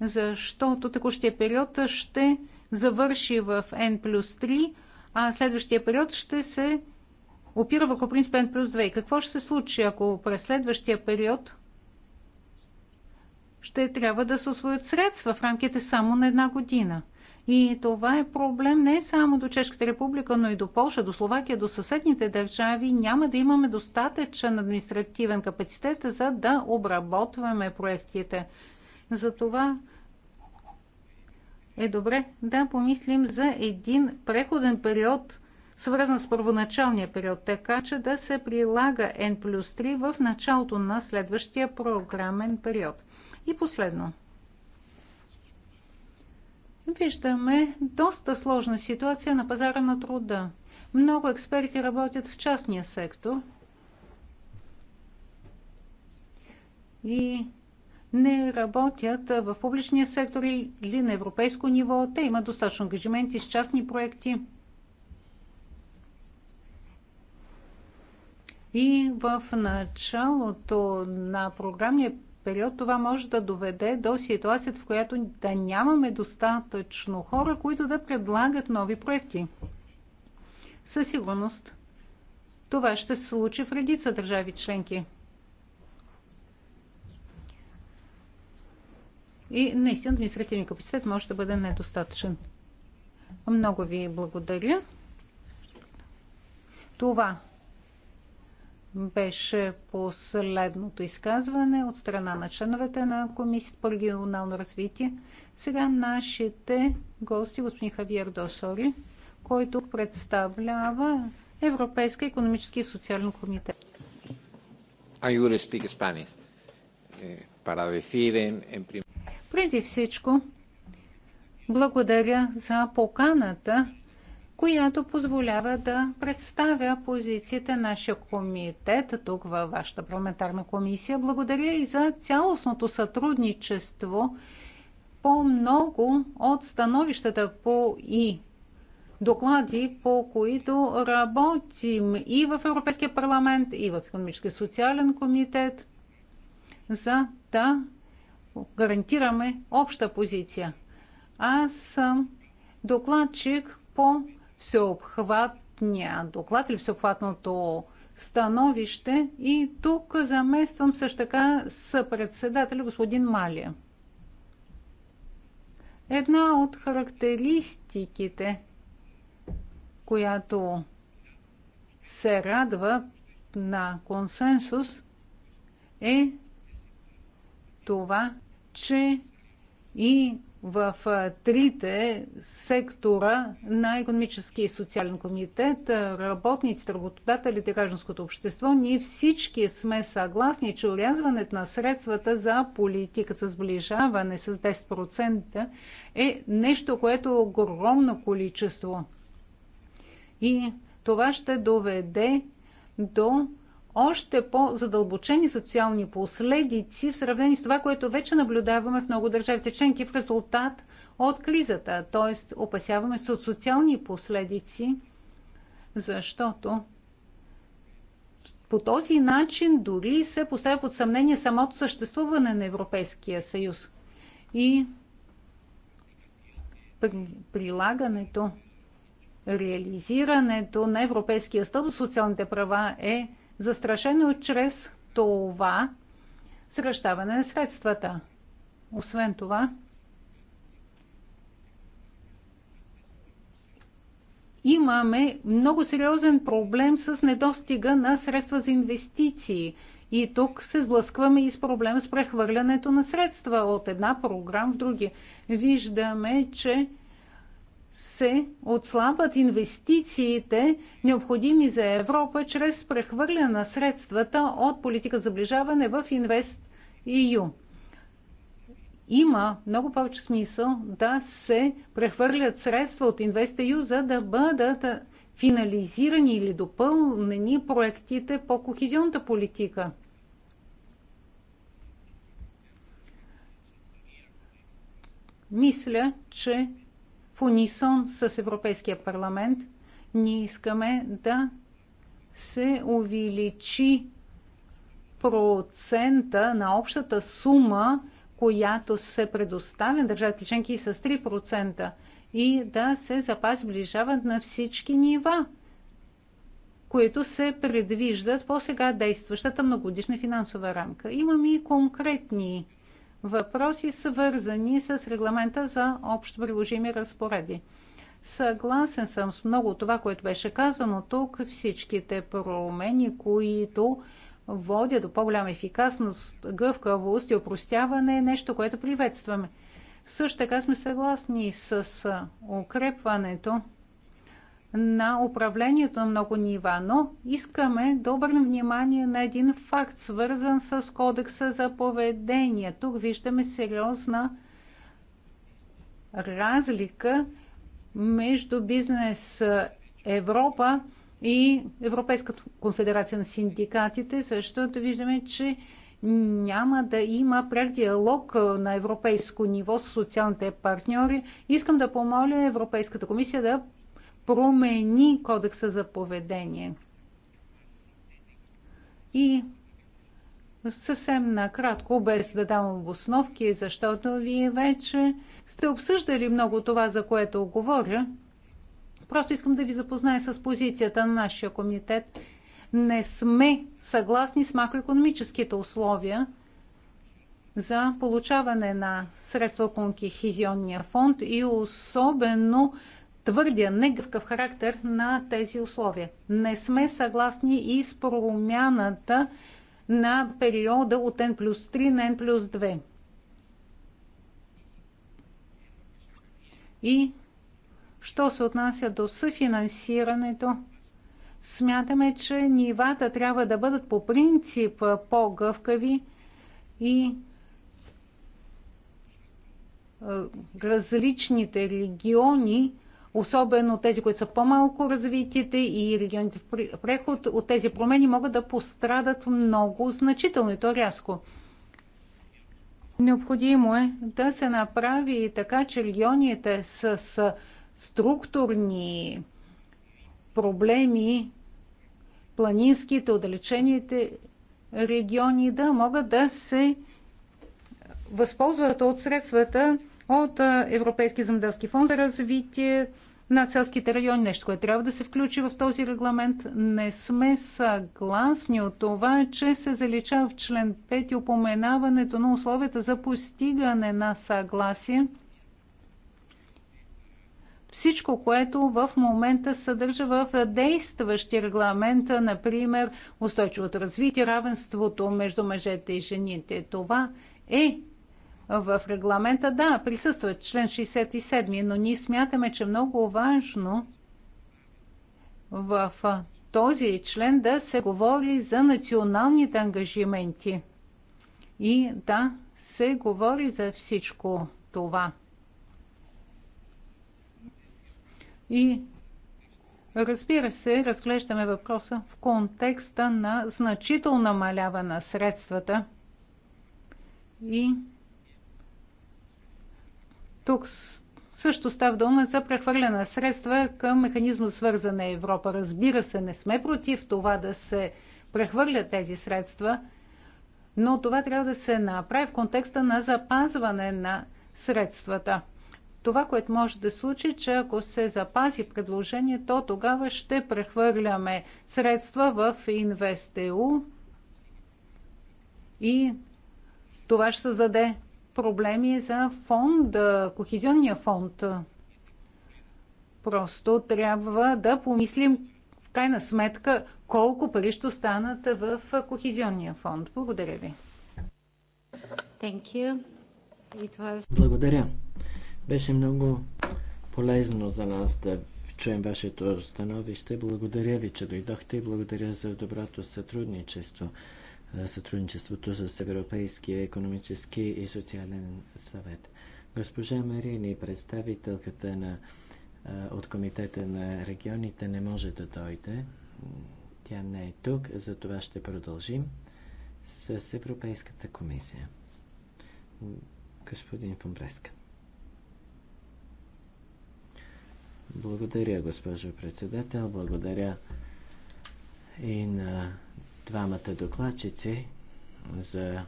защото текущия период ще завърши в N плюс 3, а следващия период ще се опира върху принцип N плюс 2. какво ще се случи, ако през следващия период ще трябва да се освоят средства в рамките само на една година? И това е проблем не само до Чешката република, но и до Польша, до Словакия, до съседните държави. Няма да имаме достатъчен административен капацитет, за да обработваме проектите. Затова е добре да помислим за един преходен период, свързан с първоначалния период, така че да се прилага N плюс 3 в началото на следващия програмен период. И последно. Виждаме доста сложна ситуация на пазара на труда. Много експерти работят в частния сектор и не работят в публичния сектор или на европейско ниво. Те имат достатъчно ангажименти с частни проекти. И в началото на програмния период, това може да доведе до ситуацията, в която да нямаме достатъчно хора, които да предлагат нови проекти. Със сигурност това ще се случи в редица държави членки. И наистина административния капацитет може да бъде недостатъчен. Много ви благодаря. Това беше последното изказване от страна на членовете на Комисията по регионално развитие. Сега нашите гости, господин Хавиер Досори, който представлява Европейска економически и социален комитет. Eh, Преди всичко, благодаря за поканата която позволява да представя позициите на нашия комитет тук във вашата парламентарна комисия. Благодаря и за цялостното сътрудничество по много от становищата по и доклади, по които работим и в Европейския парламент, и в Економически социален комитет, за да гарантираме обща позиция. Аз съм докладчик по всеобхватния доклад или всеобхватното становище и тук замествам също така председателя господин Малия. Една от характеристиките, която се радва на консенсус е това, че и в трите сектора на економически и социален комитет, работниците, работодателите и гражданското общество, ние всички сме съгласни, че урязването на средствата за политиката за сближаване с 10% е нещо, което е огромно количество. И това ще доведе до още по-задълбочени социални последици в сравнение с това, което вече наблюдаваме в много държавите членки в резултат от кризата. Т.е. опасяваме се от социални последици, защото по този начин дори се поставя под съмнение самото съществуване на Европейския съюз и при прилагането, реализирането на Европейския стълб социалните права е застрашено чрез това съкръщаване на средствата. Освен това, имаме много сериозен проблем с недостига на средства за инвестиции. И тук се сблъскваме и с проблем с прехвърлянето на средства от една програма в други. Виждаме, че се отслабват инвестициите, необходими за Европа, чрез прехвърляне на средствата от политика за ближаване в Инвест EU. Има много повече смисъл да се прехвърлят средства от инвест InvestEU, за да бъдат финализирани или допълнени проектите по кохезионната политика. Мисля, че унисон с Европейския парламент ние искаме да се увеличи процента на общата сума, която се предоставя на държавите членки с 3% и да се запази ближават на всички нива, които се предвиждат по сега действащата многогодишна финансова рамка. Имаме и конкретни въпроси, свързани с регламента за общо приложими разпореди. Съгласен съм с много това, което беше казано тук. Всичките промени, които водят до по-голяма ефикасност, гъвкавост и опростяване е нещо, което приветстваме. Също така сме съгласни с укрепването на управлението на много нива, но искаме да обърнем внимание на един факт, свързан с кодекса за поведение. Тук виждаме сериозна разлика между бизнес Европа и Европейската конфедерация на синдикатите, защото виждаме, че няма да има пряк диалог на европейско ниво с социалните партньори. Искам да помоля Европейската комисия да промени кодекса за поведение. И съвсем накратко, без да давам обосновки, защото вие вече сте обсъждали много това, за което говоря. Просто искам да ви запозная с позицията на нашия комитет. Не сме съгласни с макроекономическите условия за получаване на средства по Конкихизионния фонд и особено твърдия негъвкав характер на тези условия. Не сме съгласни и с промяната на периода от N плюс 3 на N плюс 2. И що се отнася до съфинансирането, смятаме, че нивата трябва да бъдат по принцип по-гъвкави и е, различните региони особено тези, които са по-малко развитите и регионите в преход, от тези промени могат да пострадат много значително и то рязко. Необходимо е да се направи така, че регионите с, с структурни проблеми, планинските, отдалечените региони да могат да се възползват от средствата от Европейския земеделски фонд за развитие на селските райони, нещо, което трябва да се включи в този регламент. Не сме съгласни от това, че се заличава в член 5 упоменаването на условията за постигане на съгласие. Всичко, което в момента съдържа в действащи регламента, например устойчивото развитие, равенството между мъжете и жените, това е в регламента, да, присъства член 67, но ние смятаме, че много важно в този член да се говори за националните ангажименти и да се говори за всичко това. И разбира се, разглеждаме въпроса в контекста на значително намалява на средствата и тук също става дума за прехвърляне на средства към механизма за свързана Европа. Разбира се, не сме против това да се прехвърлят тези средства, но това трябва да се направи в контекста на запазване на средствата. Това, което може да случи, че ако се запази предложение, то тогава ще прехвърляме средства в InvestEU и това ще създаде проблеми за фонда, кохезионния фонд. Просто трябва да помислим в крайна сметка колко пари ще останат в кохезионния фонд. Благодаря ви. Was... Благодаря. Беше много полезно за нас да чуем вашето становище. Благодаря ви, че дойдохте и благодаря за доброто сътрудничество сътрудничеството с Европейския економически и социален съвет. Госпожа Марини, представителката на, от Комитета на регионите, не може да дойде. Тя не е тук, за това ще продължим с Европейската комисия. Господин Фомбреска. Благодаря, госпожо председател. Благодаря и на двамата докладчици за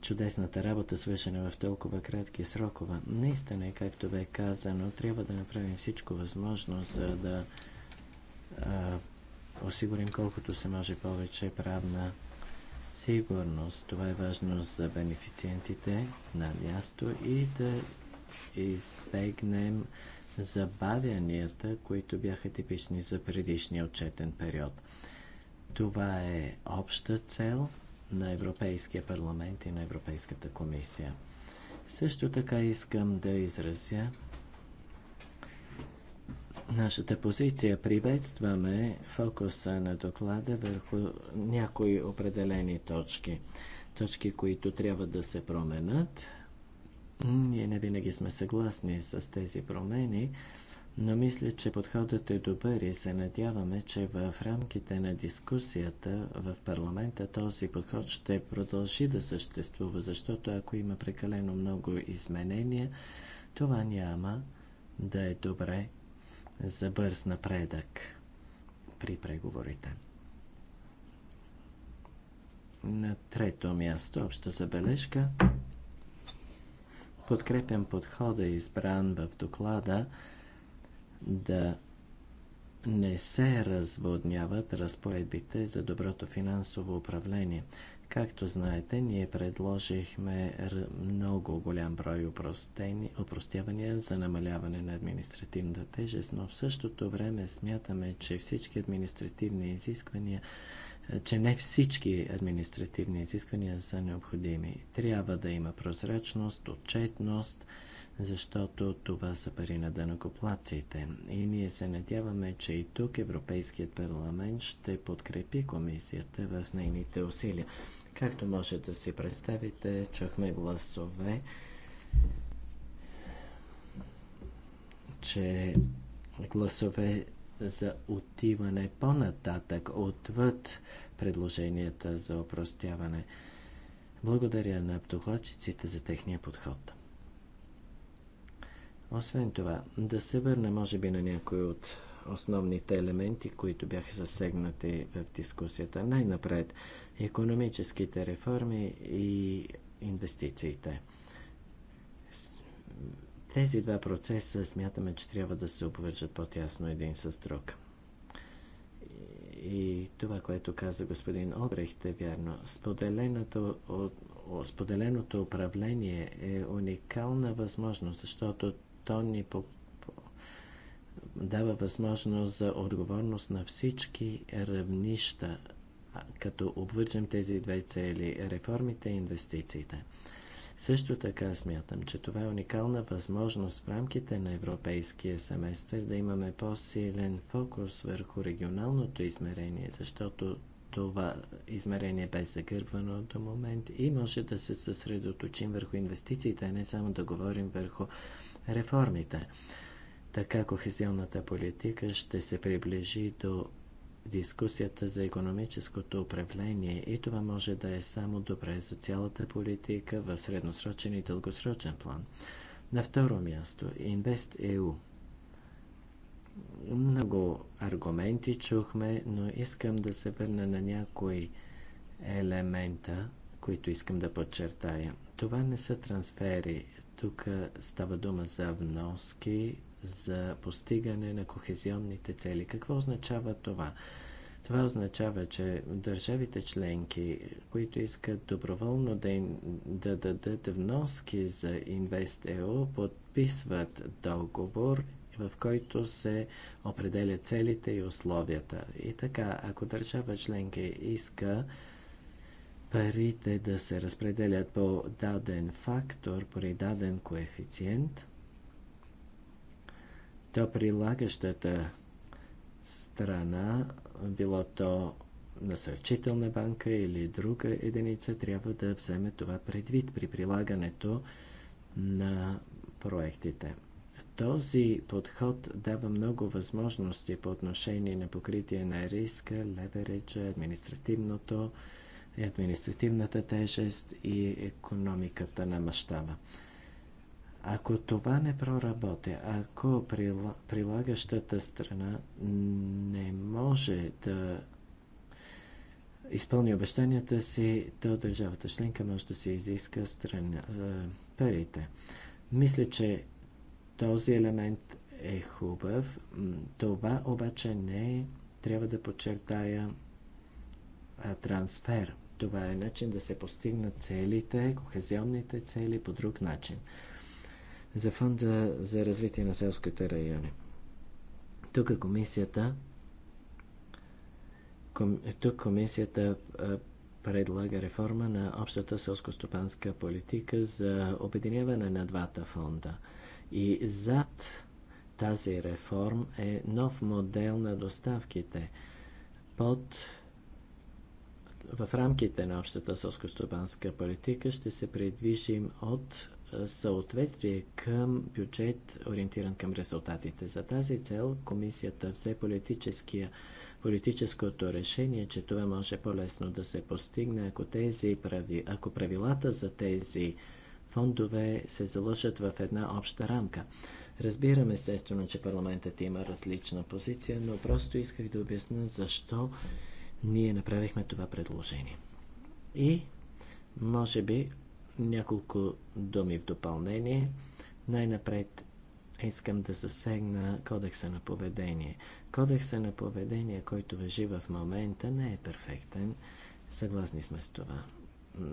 чудесната работа, свършена в толкова кратки срокове. Наистина, както бе казано, трябва да направим всичко възможно, за да а, осигурим колкото се може повече правна сигурност. Това е важно за бенефициентите на място и да избегнем забавянията, които бяха типични за предишния отчетен период. Това е обща цел на Европейския парламент и на Европейската комисия. Също така искам да изразя нашата позиция. Приветстваме фокуса на доклада върху някои определени точки. Точки, които трябва да се променят. Ние не винаги сме съгласни с тези промени, но мисля, че подходът е добър и се надяваме, че в рамките на дискусията в парламента този подход ще продължи да съществува, защото ако има прекалено много изменения, това няма да е добре за бърз напредък при преговорите. На трето място, обща забележка. Подкрепям подхода, избран в доклада, да не се разводняват разпоредбите за доброто финансово управление. Както знаете, ние предложихме много голям брой упростявания за намаляване на административната тежест, но в същото време смятаме, че всички административни изисквания е, че не всички административни изисквания са необходими. Трябва да има прозрачност, отчетност, защото това са пари на дънакоплаците. И ние се надяваме, че и тук Европейският парламент ще подкрепи комисията в нейните усилия. Както може да си представите, чухме гласове, че гласове за отиване по-нататък, отвъд предложенията за опростяване. Благодаря на докладчиците за техния подход. Освен това, да се върна може би на някои от основните елементи, които бяха засегнати в дискусията. Най-напред економическите реформи и инвестициите. Тези два процеса смятаме, че трябва да се обвържат по-тясно един с друг. И това, което каза господин Обрехт е вярно. Споделеното, споделеното управление е уникална възможност, защото то ни по дава възможност за отговорност на всички равнища, като обвържем тези две цели – реформите и инвестициите. Също така смятам, че това е уникална възможност в рамките на европейския семестър да имаме по-силен фокус върху регионалното измерение, защото това измерение бе загърбвано до момент и може да се съсредоточим върху инвестициите, а не само да говорим върху реформите. Така кохезионната политика ще се приближи до дискусията за економическото управление и това може да е само добре за цялата политика в средносрочен и дългосрочен план. На второ място, InvestEU. Е Много аргументи чухме, но искам да се върна на някои елемента, които искам да подчертая. Това не са трансфери тук става дума за вноски, за постигане на кохезионните цели. Какво означава това? Това означава, че държавите членки, които искат доброволно да, им, да дадат вноски за InvestEU, подписват договор, в който се определят целите и условията. И така, ако държава членка иска парите да се разпределят по даден фактор, при даден коефициент, то прилагащата страна, било то насърчителна банка или друга единица, трябва да вземе това предвид при прилагането на проектите. Този подход дава много възможности по отношение на покритие на риска, левереджа, административното и административната тежест и економиката на мащаба. Ако това не проработи, ако прилагащата страна не може да изпълни обещанията си, то държавата членка може да се изиска страна, парите. Мисля, че този елемент е хубав. Това обаче не е, трябва да подчертая, трансфер – това е начин да се постигнат целите, кохезионните цели по друг начин. За фонда за развитие на селските райони. Тук комисията ком, тук комисията предлага реформа на общата селскостопанска политика за обединяване на двата фонда. И зад тази реформ е нов модел на доставките под в рамките на общата селско-стопанска политика ще се придвижим от съответствие към бюджет, ориентиран към резултатите. За тази цел комисията взе политическото решение, че това може по-лесно да се постигне, ако, тези прави, ако правилата за тези фондове се заложат в една обща рамка. Разбирам естествено, че парламентът има различна позиция, но просто исках да обясня защо ние направихме това предложение. И, може би, няколко думи в допълнение. Най-напред искам да засегна кодекса на поведение. Кодекса на поведение, който въжи в момента, не е перфектен. Съгласни сме с това.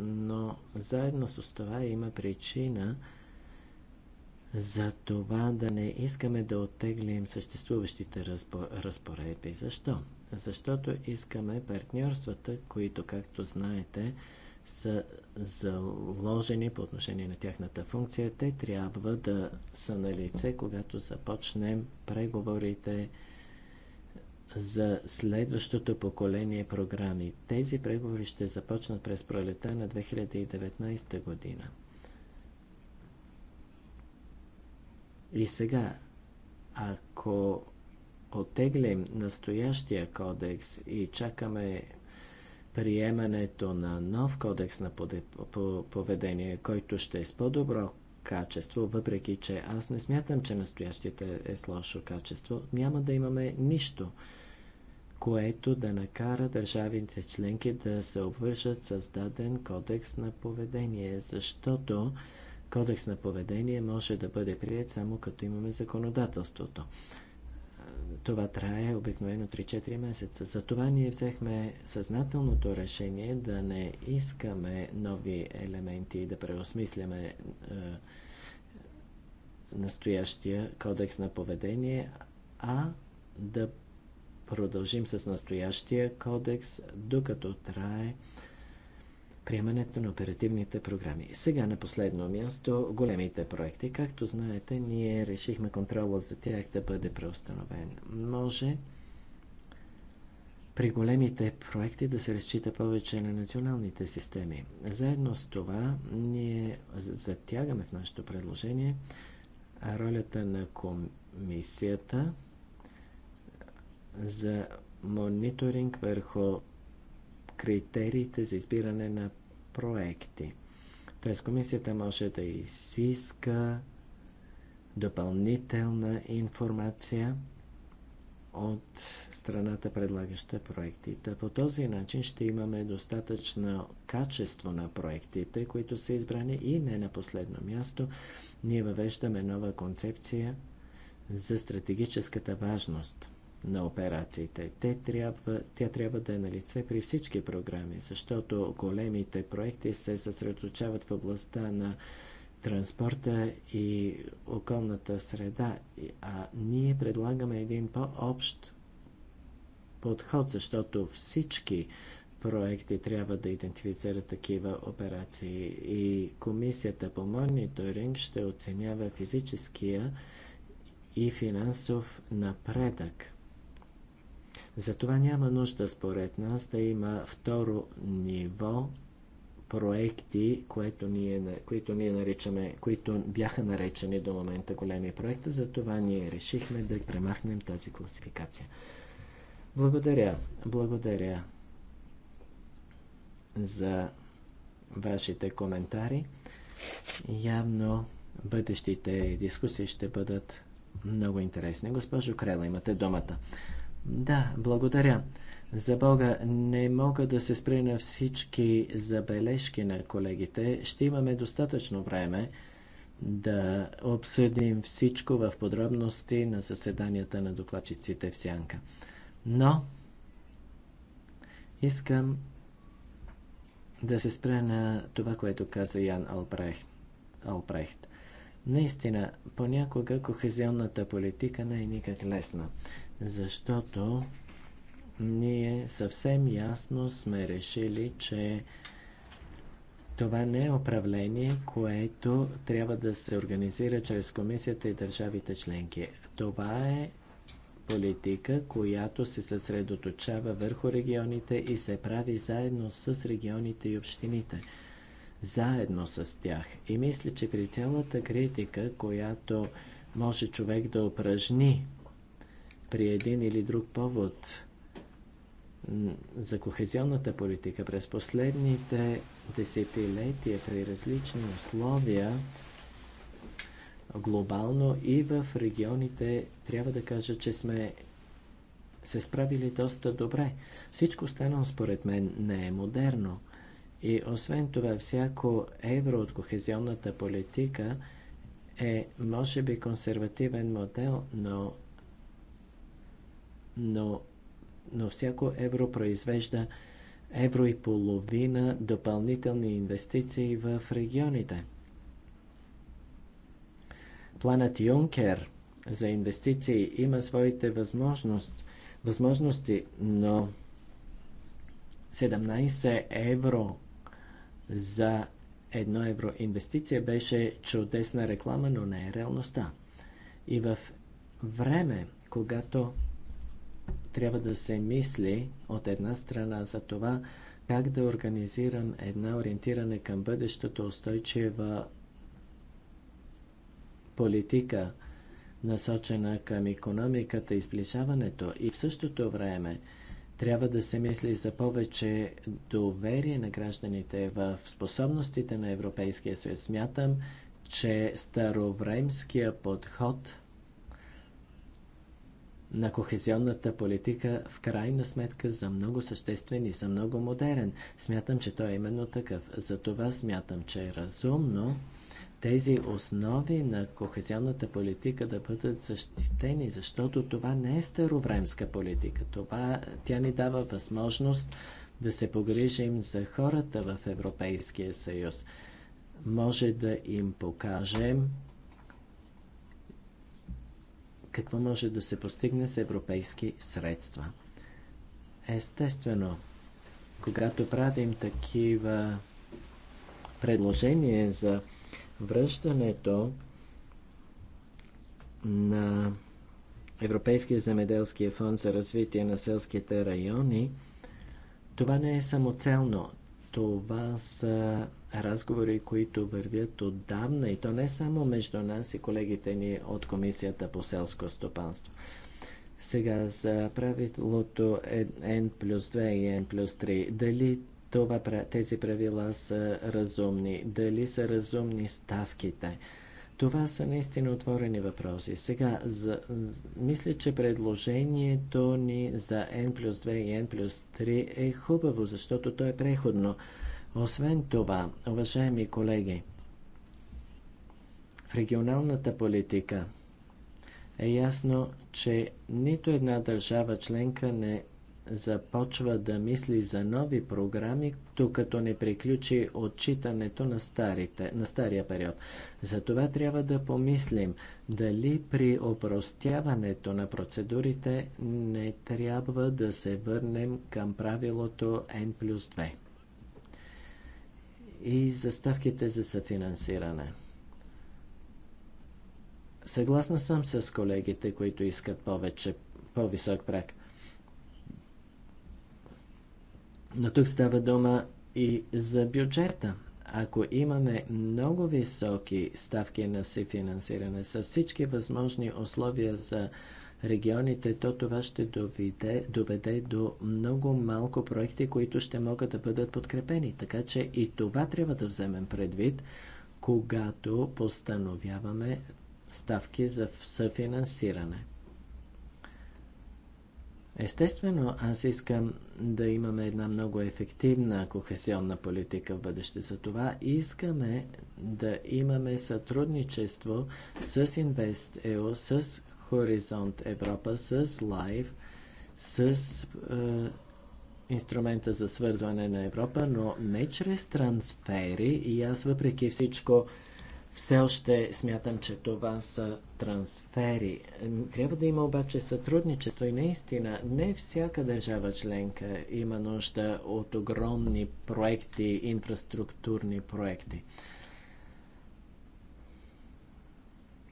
Но заедно с това има причина, за това да не искаме да оттеглим съществуващите разпоредби. Защо? Защото искаме партньорствата, които, както знаете, са заложени по отношение на тяхната функция, те трябва да са на лице, когато започнем преговорите за следващото поколение програми. Тези преговори ще започнат през пролета на 2019 година. И сега, ако отеглим настоящия кодекс и чакаме приемането на нов кодекс на поведение, който ще е с по-добро качество, въпреки че аз не смятам, че настоящите е с лошо качество, няма да имаме нищо, което да накара държавите членки да се обвържат с даден кодекс на поведение, защото Кодекс на поведение може да бъде прият само като имаме законодателството. Това трае обикновено 3-4 месеца. Затова ние взехме съзнателното решение да не искаме нови елементи и да преосмисляме е, настоящия кодекс на поведение, а да продължим с настоящия кодекс, докато трае приемането на оперативните програми. Сега на последно място големите проекти. Както знаете, ние решихме контрола за тях да бъде преустановен. Може при големите проекти да се разчита повече на националните системи. Заедно с това ние затягаме в нашето предложение ролята на комисията за мониторинг върху критериите за избиране на проекти. Т.е. комисията може да изиска допълнителна информация от страната предлагаща проектите. По този начин ще имаме достатъчно качество на проектите, които са избрани и не на последно място. Ние въвеждаме нова концепция за стратегическата важност на операциите. Те трябва, тя трябва да е на лице при всички програми, защото големите проекти се съсредоточават в областта на транспорта и околната среда, а ние предлагаме един по-общ подход, защото всички проекти трябва да идентифицират такива операции и комисията по мониторинг ще оценява физическия и финансов напредък затова няма нужда, според нас, да има второ ниво проекти, които ние, които ние наричаме, които бяха наречени до момента големи проекти, затова ние решихме да премахнем тази класификация. Благодаря, благодаря за вашите коментари. Явно бъдещите дискусии ще бъдат много интересни. Госпожо Крела, имате думата. Да, благодаря. За Бога, не мога да се спре на всички забележки на колегите. Ще имаме достатъчно време да обсъдим всичко в подробности на заседанията на докладчиците в Сянка. Но искам да се спре на това, което каза Ян Албрехт. Албрехт. Наистина, понякога кохезионната политика не е никак лесна защото ние съвсем ясно сме решили, че това не е управление, което трябва да се организира чрез комисията и държавите членки. Това е политика, която се съсредоточава върху регионите и се прави заедно с регионите и общините. Заедно с тях. И мисля, че при цялата критика, която може човек да упражни при един или друг повод за кохезионната политика през последните десетилетия при различни условия глобално и в регионите трябва да кажа, че сме се справили доста добре. Всичко останало според мен не е модерно. И освен това, всяко евро от кохезионната политика е, може би, консервативен модел, но но, но всяко евро произвежда евро и половина допълнителни инвестиции в регионите. Планът Юнкер за инвестиции има своите възможност, възможности, но 17 евро за едно евро инвестиция беше чудесна реклама, но не е реалността. И в време, когато трябва да се мисли от една страна за това как да организирам една ориентиране към бъдещето устойчива политика, насочена към економиката и сближаването и в същото време трябва да се мисли за повече доверие на гражданите в способностите на Европейския съюз. Смятам, че старовремския подход – на кохезионната политика в крайна сметка за много съществен и за много модерен. Смятам, че той е именно такъв. Затова смятам, че е разумно тези основи на кохезионната политика да бъдат защитени, защото това не е старовремска политика. Това, тя ни дава възможност да се погрижим за хората в Европейския съюз. Може да им покажем какво може да се постигне с европейски средства. Естествено, когато правим такива предложения за връщането на Европейския земеделски фонд за развитие на селските райони, това не е самоцелно. Това са разговори, които вървят отдавна и то не само между нас и колегите ни от Комисията по селско стопанство. Сега за правилото N плюс 2 и N плюс 3. Дали това, тези правила са разумни? Дали са разумни ставките? Това са наистина отворени въпроси. Сега, за, за, мисля, че предложението ни за N плюс 2 и N плюс 3 е хубаво, защото то е преходно. Освен това, уважаеми колеги, в регионалната политика е ясно, че нито една държава членка не започва да мисли за нови програми, докато не приключи отчитането на, старите, на стария период. Затова трябва да помислим дали при опростяването на процедурите не трябва да се върнем към правилото N плюс 2 и заставките за съфинансиране. Съгласна съм с колегите, които искат повече, по-висок прак. Но тук става дума и за бюджета. Ако имаме много високи ставки на съфинансиране с всички възможни условия за регионите, то това ще доведе, доведе до много малко проекти, които ще могат да бъдат подкрепени. Така че и това трябва да вземем предвид, когато постановяваме ставки за съфинансиране. Естествено, аз искам да имаме една много ефективна кохесионна политика в бъдеще. За това искаме да имаме сътрудничество с InvestEU, с Хоризонт Европа, с LIFE, с е, инструмента за свързване на Европа, но не чрез трансфери и аз въпреки всичко все още смятам, че това са трансфери. Трябва да има обаче сътрудничество и наистина не всяка държава членка има нужда от огромни проекти, инфраструктурни проекти.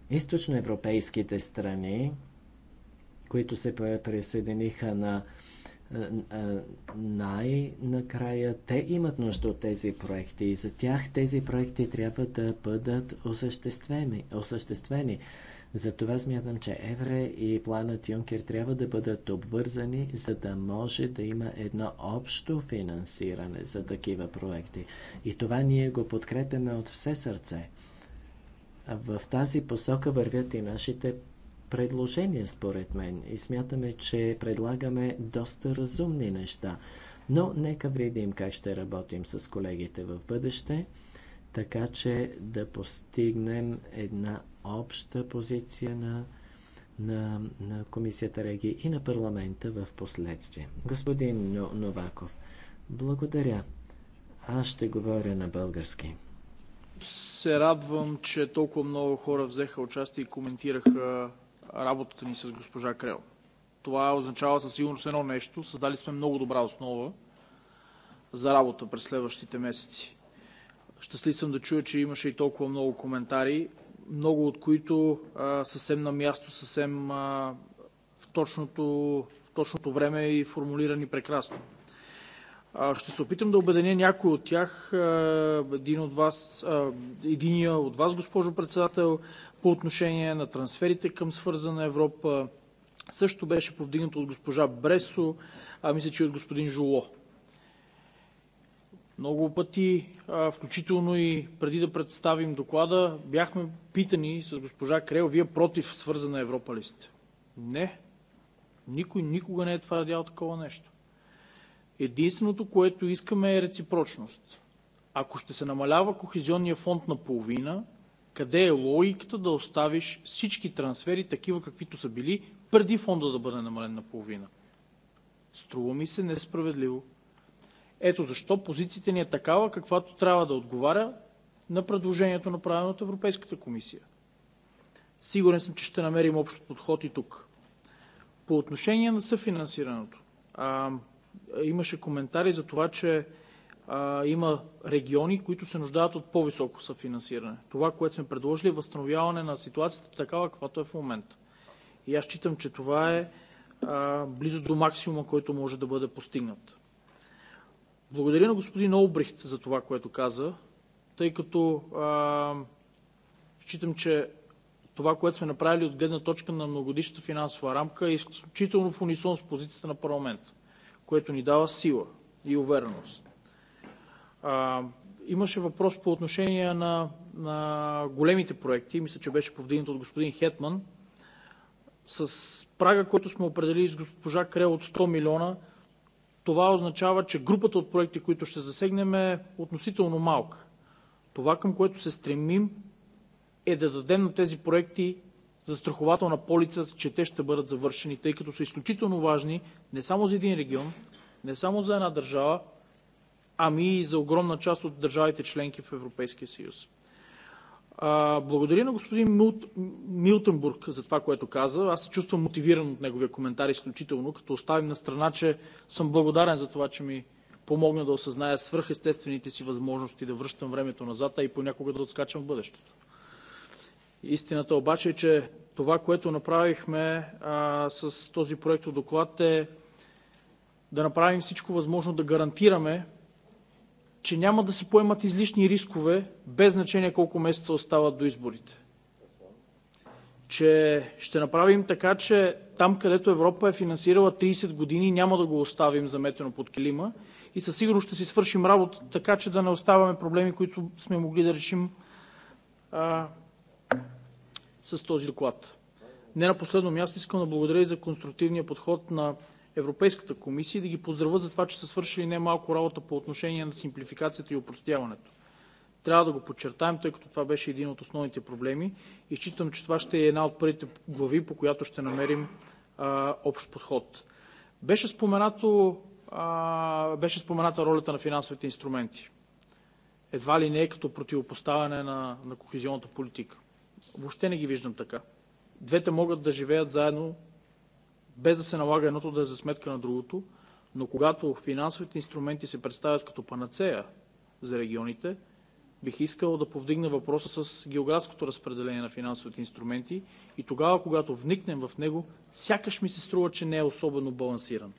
Източноевропейските страни, които се присъединиха на най-накрая те имат нужда от тези проекти и за тях тези проекти трябва да бъдат осъществени. осъществени. Затова смятам, че Евре и планът Юнкер трябва да бъдат обвързани, за да може да има едно общо финансиране за такива проекти. И това ние го подкрепяме от все сърце. В тази посока вървят и нашите Предложения според мен, и смятаме, че предлагаме доста разумни неща. Но нека видим как ще работим с колегите в бъдеще, така че да постигнем една обща позиция на, на, на Комисията Реги и на парламента в последствие. Господин Новаков, благодаря. Аз ще говоря на български се радвам, че толкова много хора взеха участие и коментираха работата ни с госпожа Крел. Това означава със сигурност едно нещо. Създали сме много добра основа за работа през следващите месеци. Щастлив съм да чуя, че имаше и толкова много коментари, много от които а, съвсем на място, съвсем а, в, точното, в точното време и формулирани прекрасно. А, ще се опитам да обеденя някой от тях. Един от вас, единия от вас, госпожо председател, по отношение на трансферите към свързана Европа също беше повдигнато от госпожа Бресо, а мисля, че и от господин Жоло. Много пъти, включително и преди да представим доклада, бяхме питани с госпожа Крел, вие против свързана Европа ли сте? Не. Никой никога не е твърдял такова нещо. Единственото, което искаме е реципрочност. Ако ще се намалява кохезионния фонд на половина, къде е логиката да оставиш всички трансфери такива, каквито са били, преди фонда да бъде намален наполовина? Струва ми се несправедливо. Ето защо позицията ни е такава, каквато трябва да отговаря на предложението, направено от Европейската комисия. Сигурен съм, че ще намерим общ подход и тук. По отношение на съфинансирането, а, имаше коментари за това, че има региони, които се нуждаят от по-високо съфинансиране. Това, което сме предложили, е възстановяване на ситуацията такава, каквато е в момента. И аз считам, че това е близо до максимума, който може да бъде постигнат. Благодаря на господин Олбрихт за това, което каза, тъй като считам, че това, което сме направили от гледна точка на Многогодишната финансова рамка, е изключително в унисон с позицията на парламента, което ни дава сила и увереност. А, имаше въпрос по отношение на, на големите проекти. Мисля, че беше повдигнат от господин Хетман. С прага, който сме определили с госпожа Крел от 100 милиона, това означава, че групата от проекти, които ще засегнем е относително малка. Това, към което се стремим, е да дадем на тези проекти застрахователна полица, че те ще бъдат завършени, тъй като са изключително важни не само за един регион, не само за една държава, ами и за огромна част от държавите членки в Европейския съюз. Благодаря на господин Милт... Милтенбург за това, което каза. Аз се чувствам мотивиран от неговия коментар изключително, като оставим на страна, че съм благодарен за това, че ми помогна да осъзная свръхестествените си възможности да връщам времето назад, а и понякога да отскачам в бъдещето. Истината обаче е, че това, което направихме а, с този проект от доклад е да направим всичко възможно да гарантираме че няма да се поемат излишни рискове, без значение колко месеца остават до изборите, че ще направим така, че там, където Европа е финансирала 30 години, няма да го оставим заметено под килима и със сигурност ще си свършим работата така, че да не оставяме проблеми, които сме могли да решим а, с този доклад. Не на последно място искам да благодаря и за конструктивния подход на Европейската комисия и да ги поздравя за това, че са свършили немалко работа по отношение на симплификацията и опростяването. Трябва да го подчертаем, тъй като това беше един от основните проблеми и считам, че това ще е една от първите глави, по която ще намерим а, общ подход. Беше, споменато, а, беше спомената ролята на финансовите инструменти. Едва ли не е като противопоставяне на, на кохезионната политика. Въобще не ги виждам така. Двете могат да живеят заедно без да се налага едното да е за сметка на другото, но когато финансовите инструменти се представят като панацея за регионите, бих искал да повдигна въпроса с географското разпределение на финансовите инструменти и тогава, когато вникнем в него, сякаш ми се струва, че не е особено балансиран.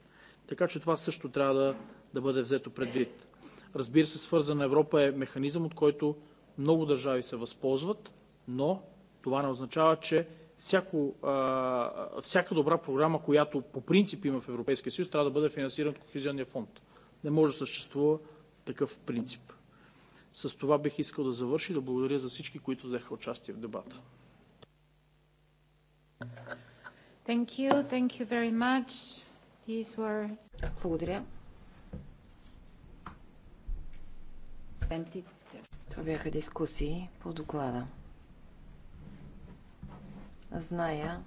Така че това също трябва да, да бъде взето предвид. Разбира се, свързана Европа е механизъм, от който много държави се възползват, но това не означава, че всяко, а, всяка добра програма, която по принцип има в Европейския съюз, трябва да бъде финансирана от Кохезионния фонд. Не може да съществува такъв принцип. С това бих искал да завърши. Да благодаря за всички, които взеха участие в дебата. Thank you. Thank you very much. These were... Благодаря. Това бяха дискусии по доклада. Зная,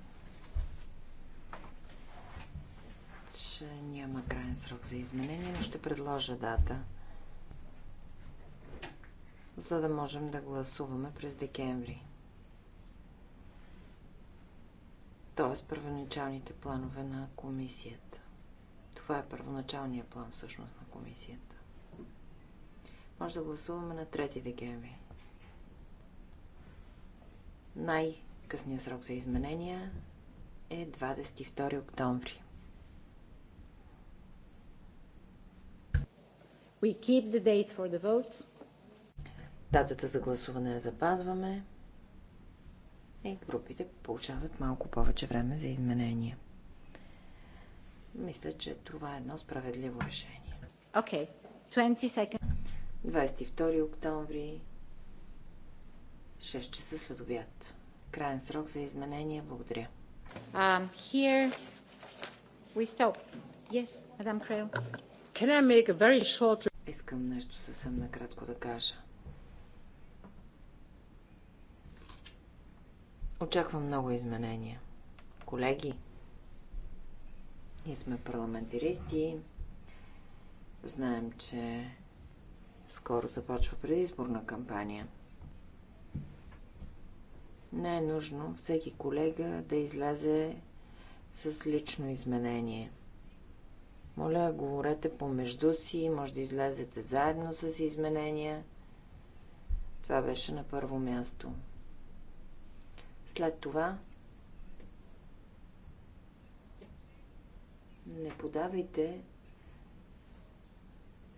че няма крайен срок за изменение, но ще предложа дата, за да можем да гласуваме през декември. Тоест първоначалните планове на комисията. Това е първоначалният план всъщност на комисията. Може да гласуваме на 3 декември. Най- Късният срок за изменения е 22 октомври. We keep the date for the votes. Датата за гласуване я запазваме и групите получават малко повече време за изменения. Мисля, че това е едно справедливо решение. Okay. 22 октомври, 6 часа след обяд. Крайен срок за изменения. Благодаря. Um, here we stop. Yes, Madame Creel. Can I make a very short... Искам нещо съвсем накратко да кажа. Очаквам много изменения. Колеги, ние сме парламентаристи. Знаем, че скоро започва предизборна кампания. Не е нужно всеки колега да излезе с лично изменение. Моля, говорете помежду си, може да излезете заедно с изменения. Това беше на първо място. След това не подавайте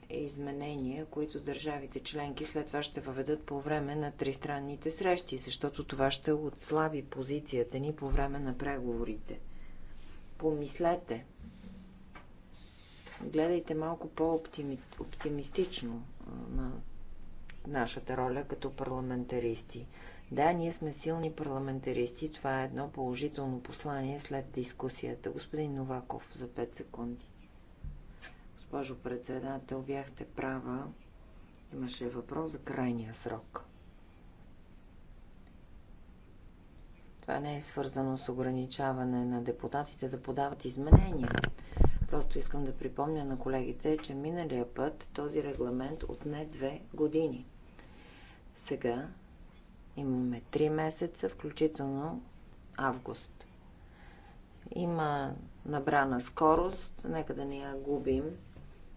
е изменения, които държавите членки след това ще въведат по време на тристранните срещи, защото това ще отслаби позицията ни по време на преговорите. Помислете. Гледайте малко по-оптимистично на нашата роля като парламентаристи. Да, ние сме силни парламентаристи. Това е едно положително послание след дискусията. Господин Новаков, за 5 секунди госпожо председател, бяхте права. Имаше въпрос за крайния срок. Това не е свързано с ограничаване на депутатите да подават изменения. Просто искам да припомня на колегите, че миналия път този регламент отне две години. Сега имаме три месеца, включително август. Има набрана скорост, нека да не я губим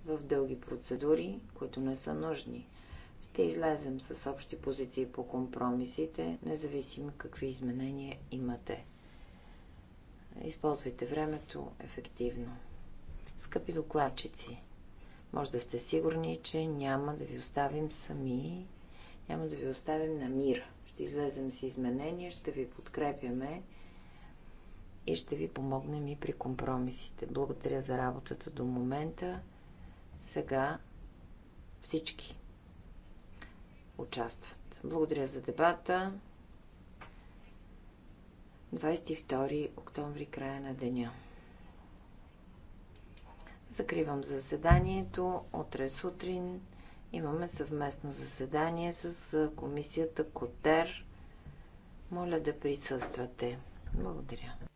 в дълги процедури, които не са нужни. Ще излезем с общи позиции по компромисите, независимо какви изменения имате. Използвайте времето ефективно. Скъпи докладчици, може да сте сигурни, че няма да ви оставим сами, няма да ви оставим на мира. Ще излезем с изменения, ще ви подкрепяме и ще ви помогнем и при компромисите. Благодаря за работата до момента. Сега всички участват. Благодаря за дебата. 22 октомври, края на деня. Закривам заседанието. Утре сутрин имаме съвместно заседание с комисията Котер. Моля да присъствате. Благодаря.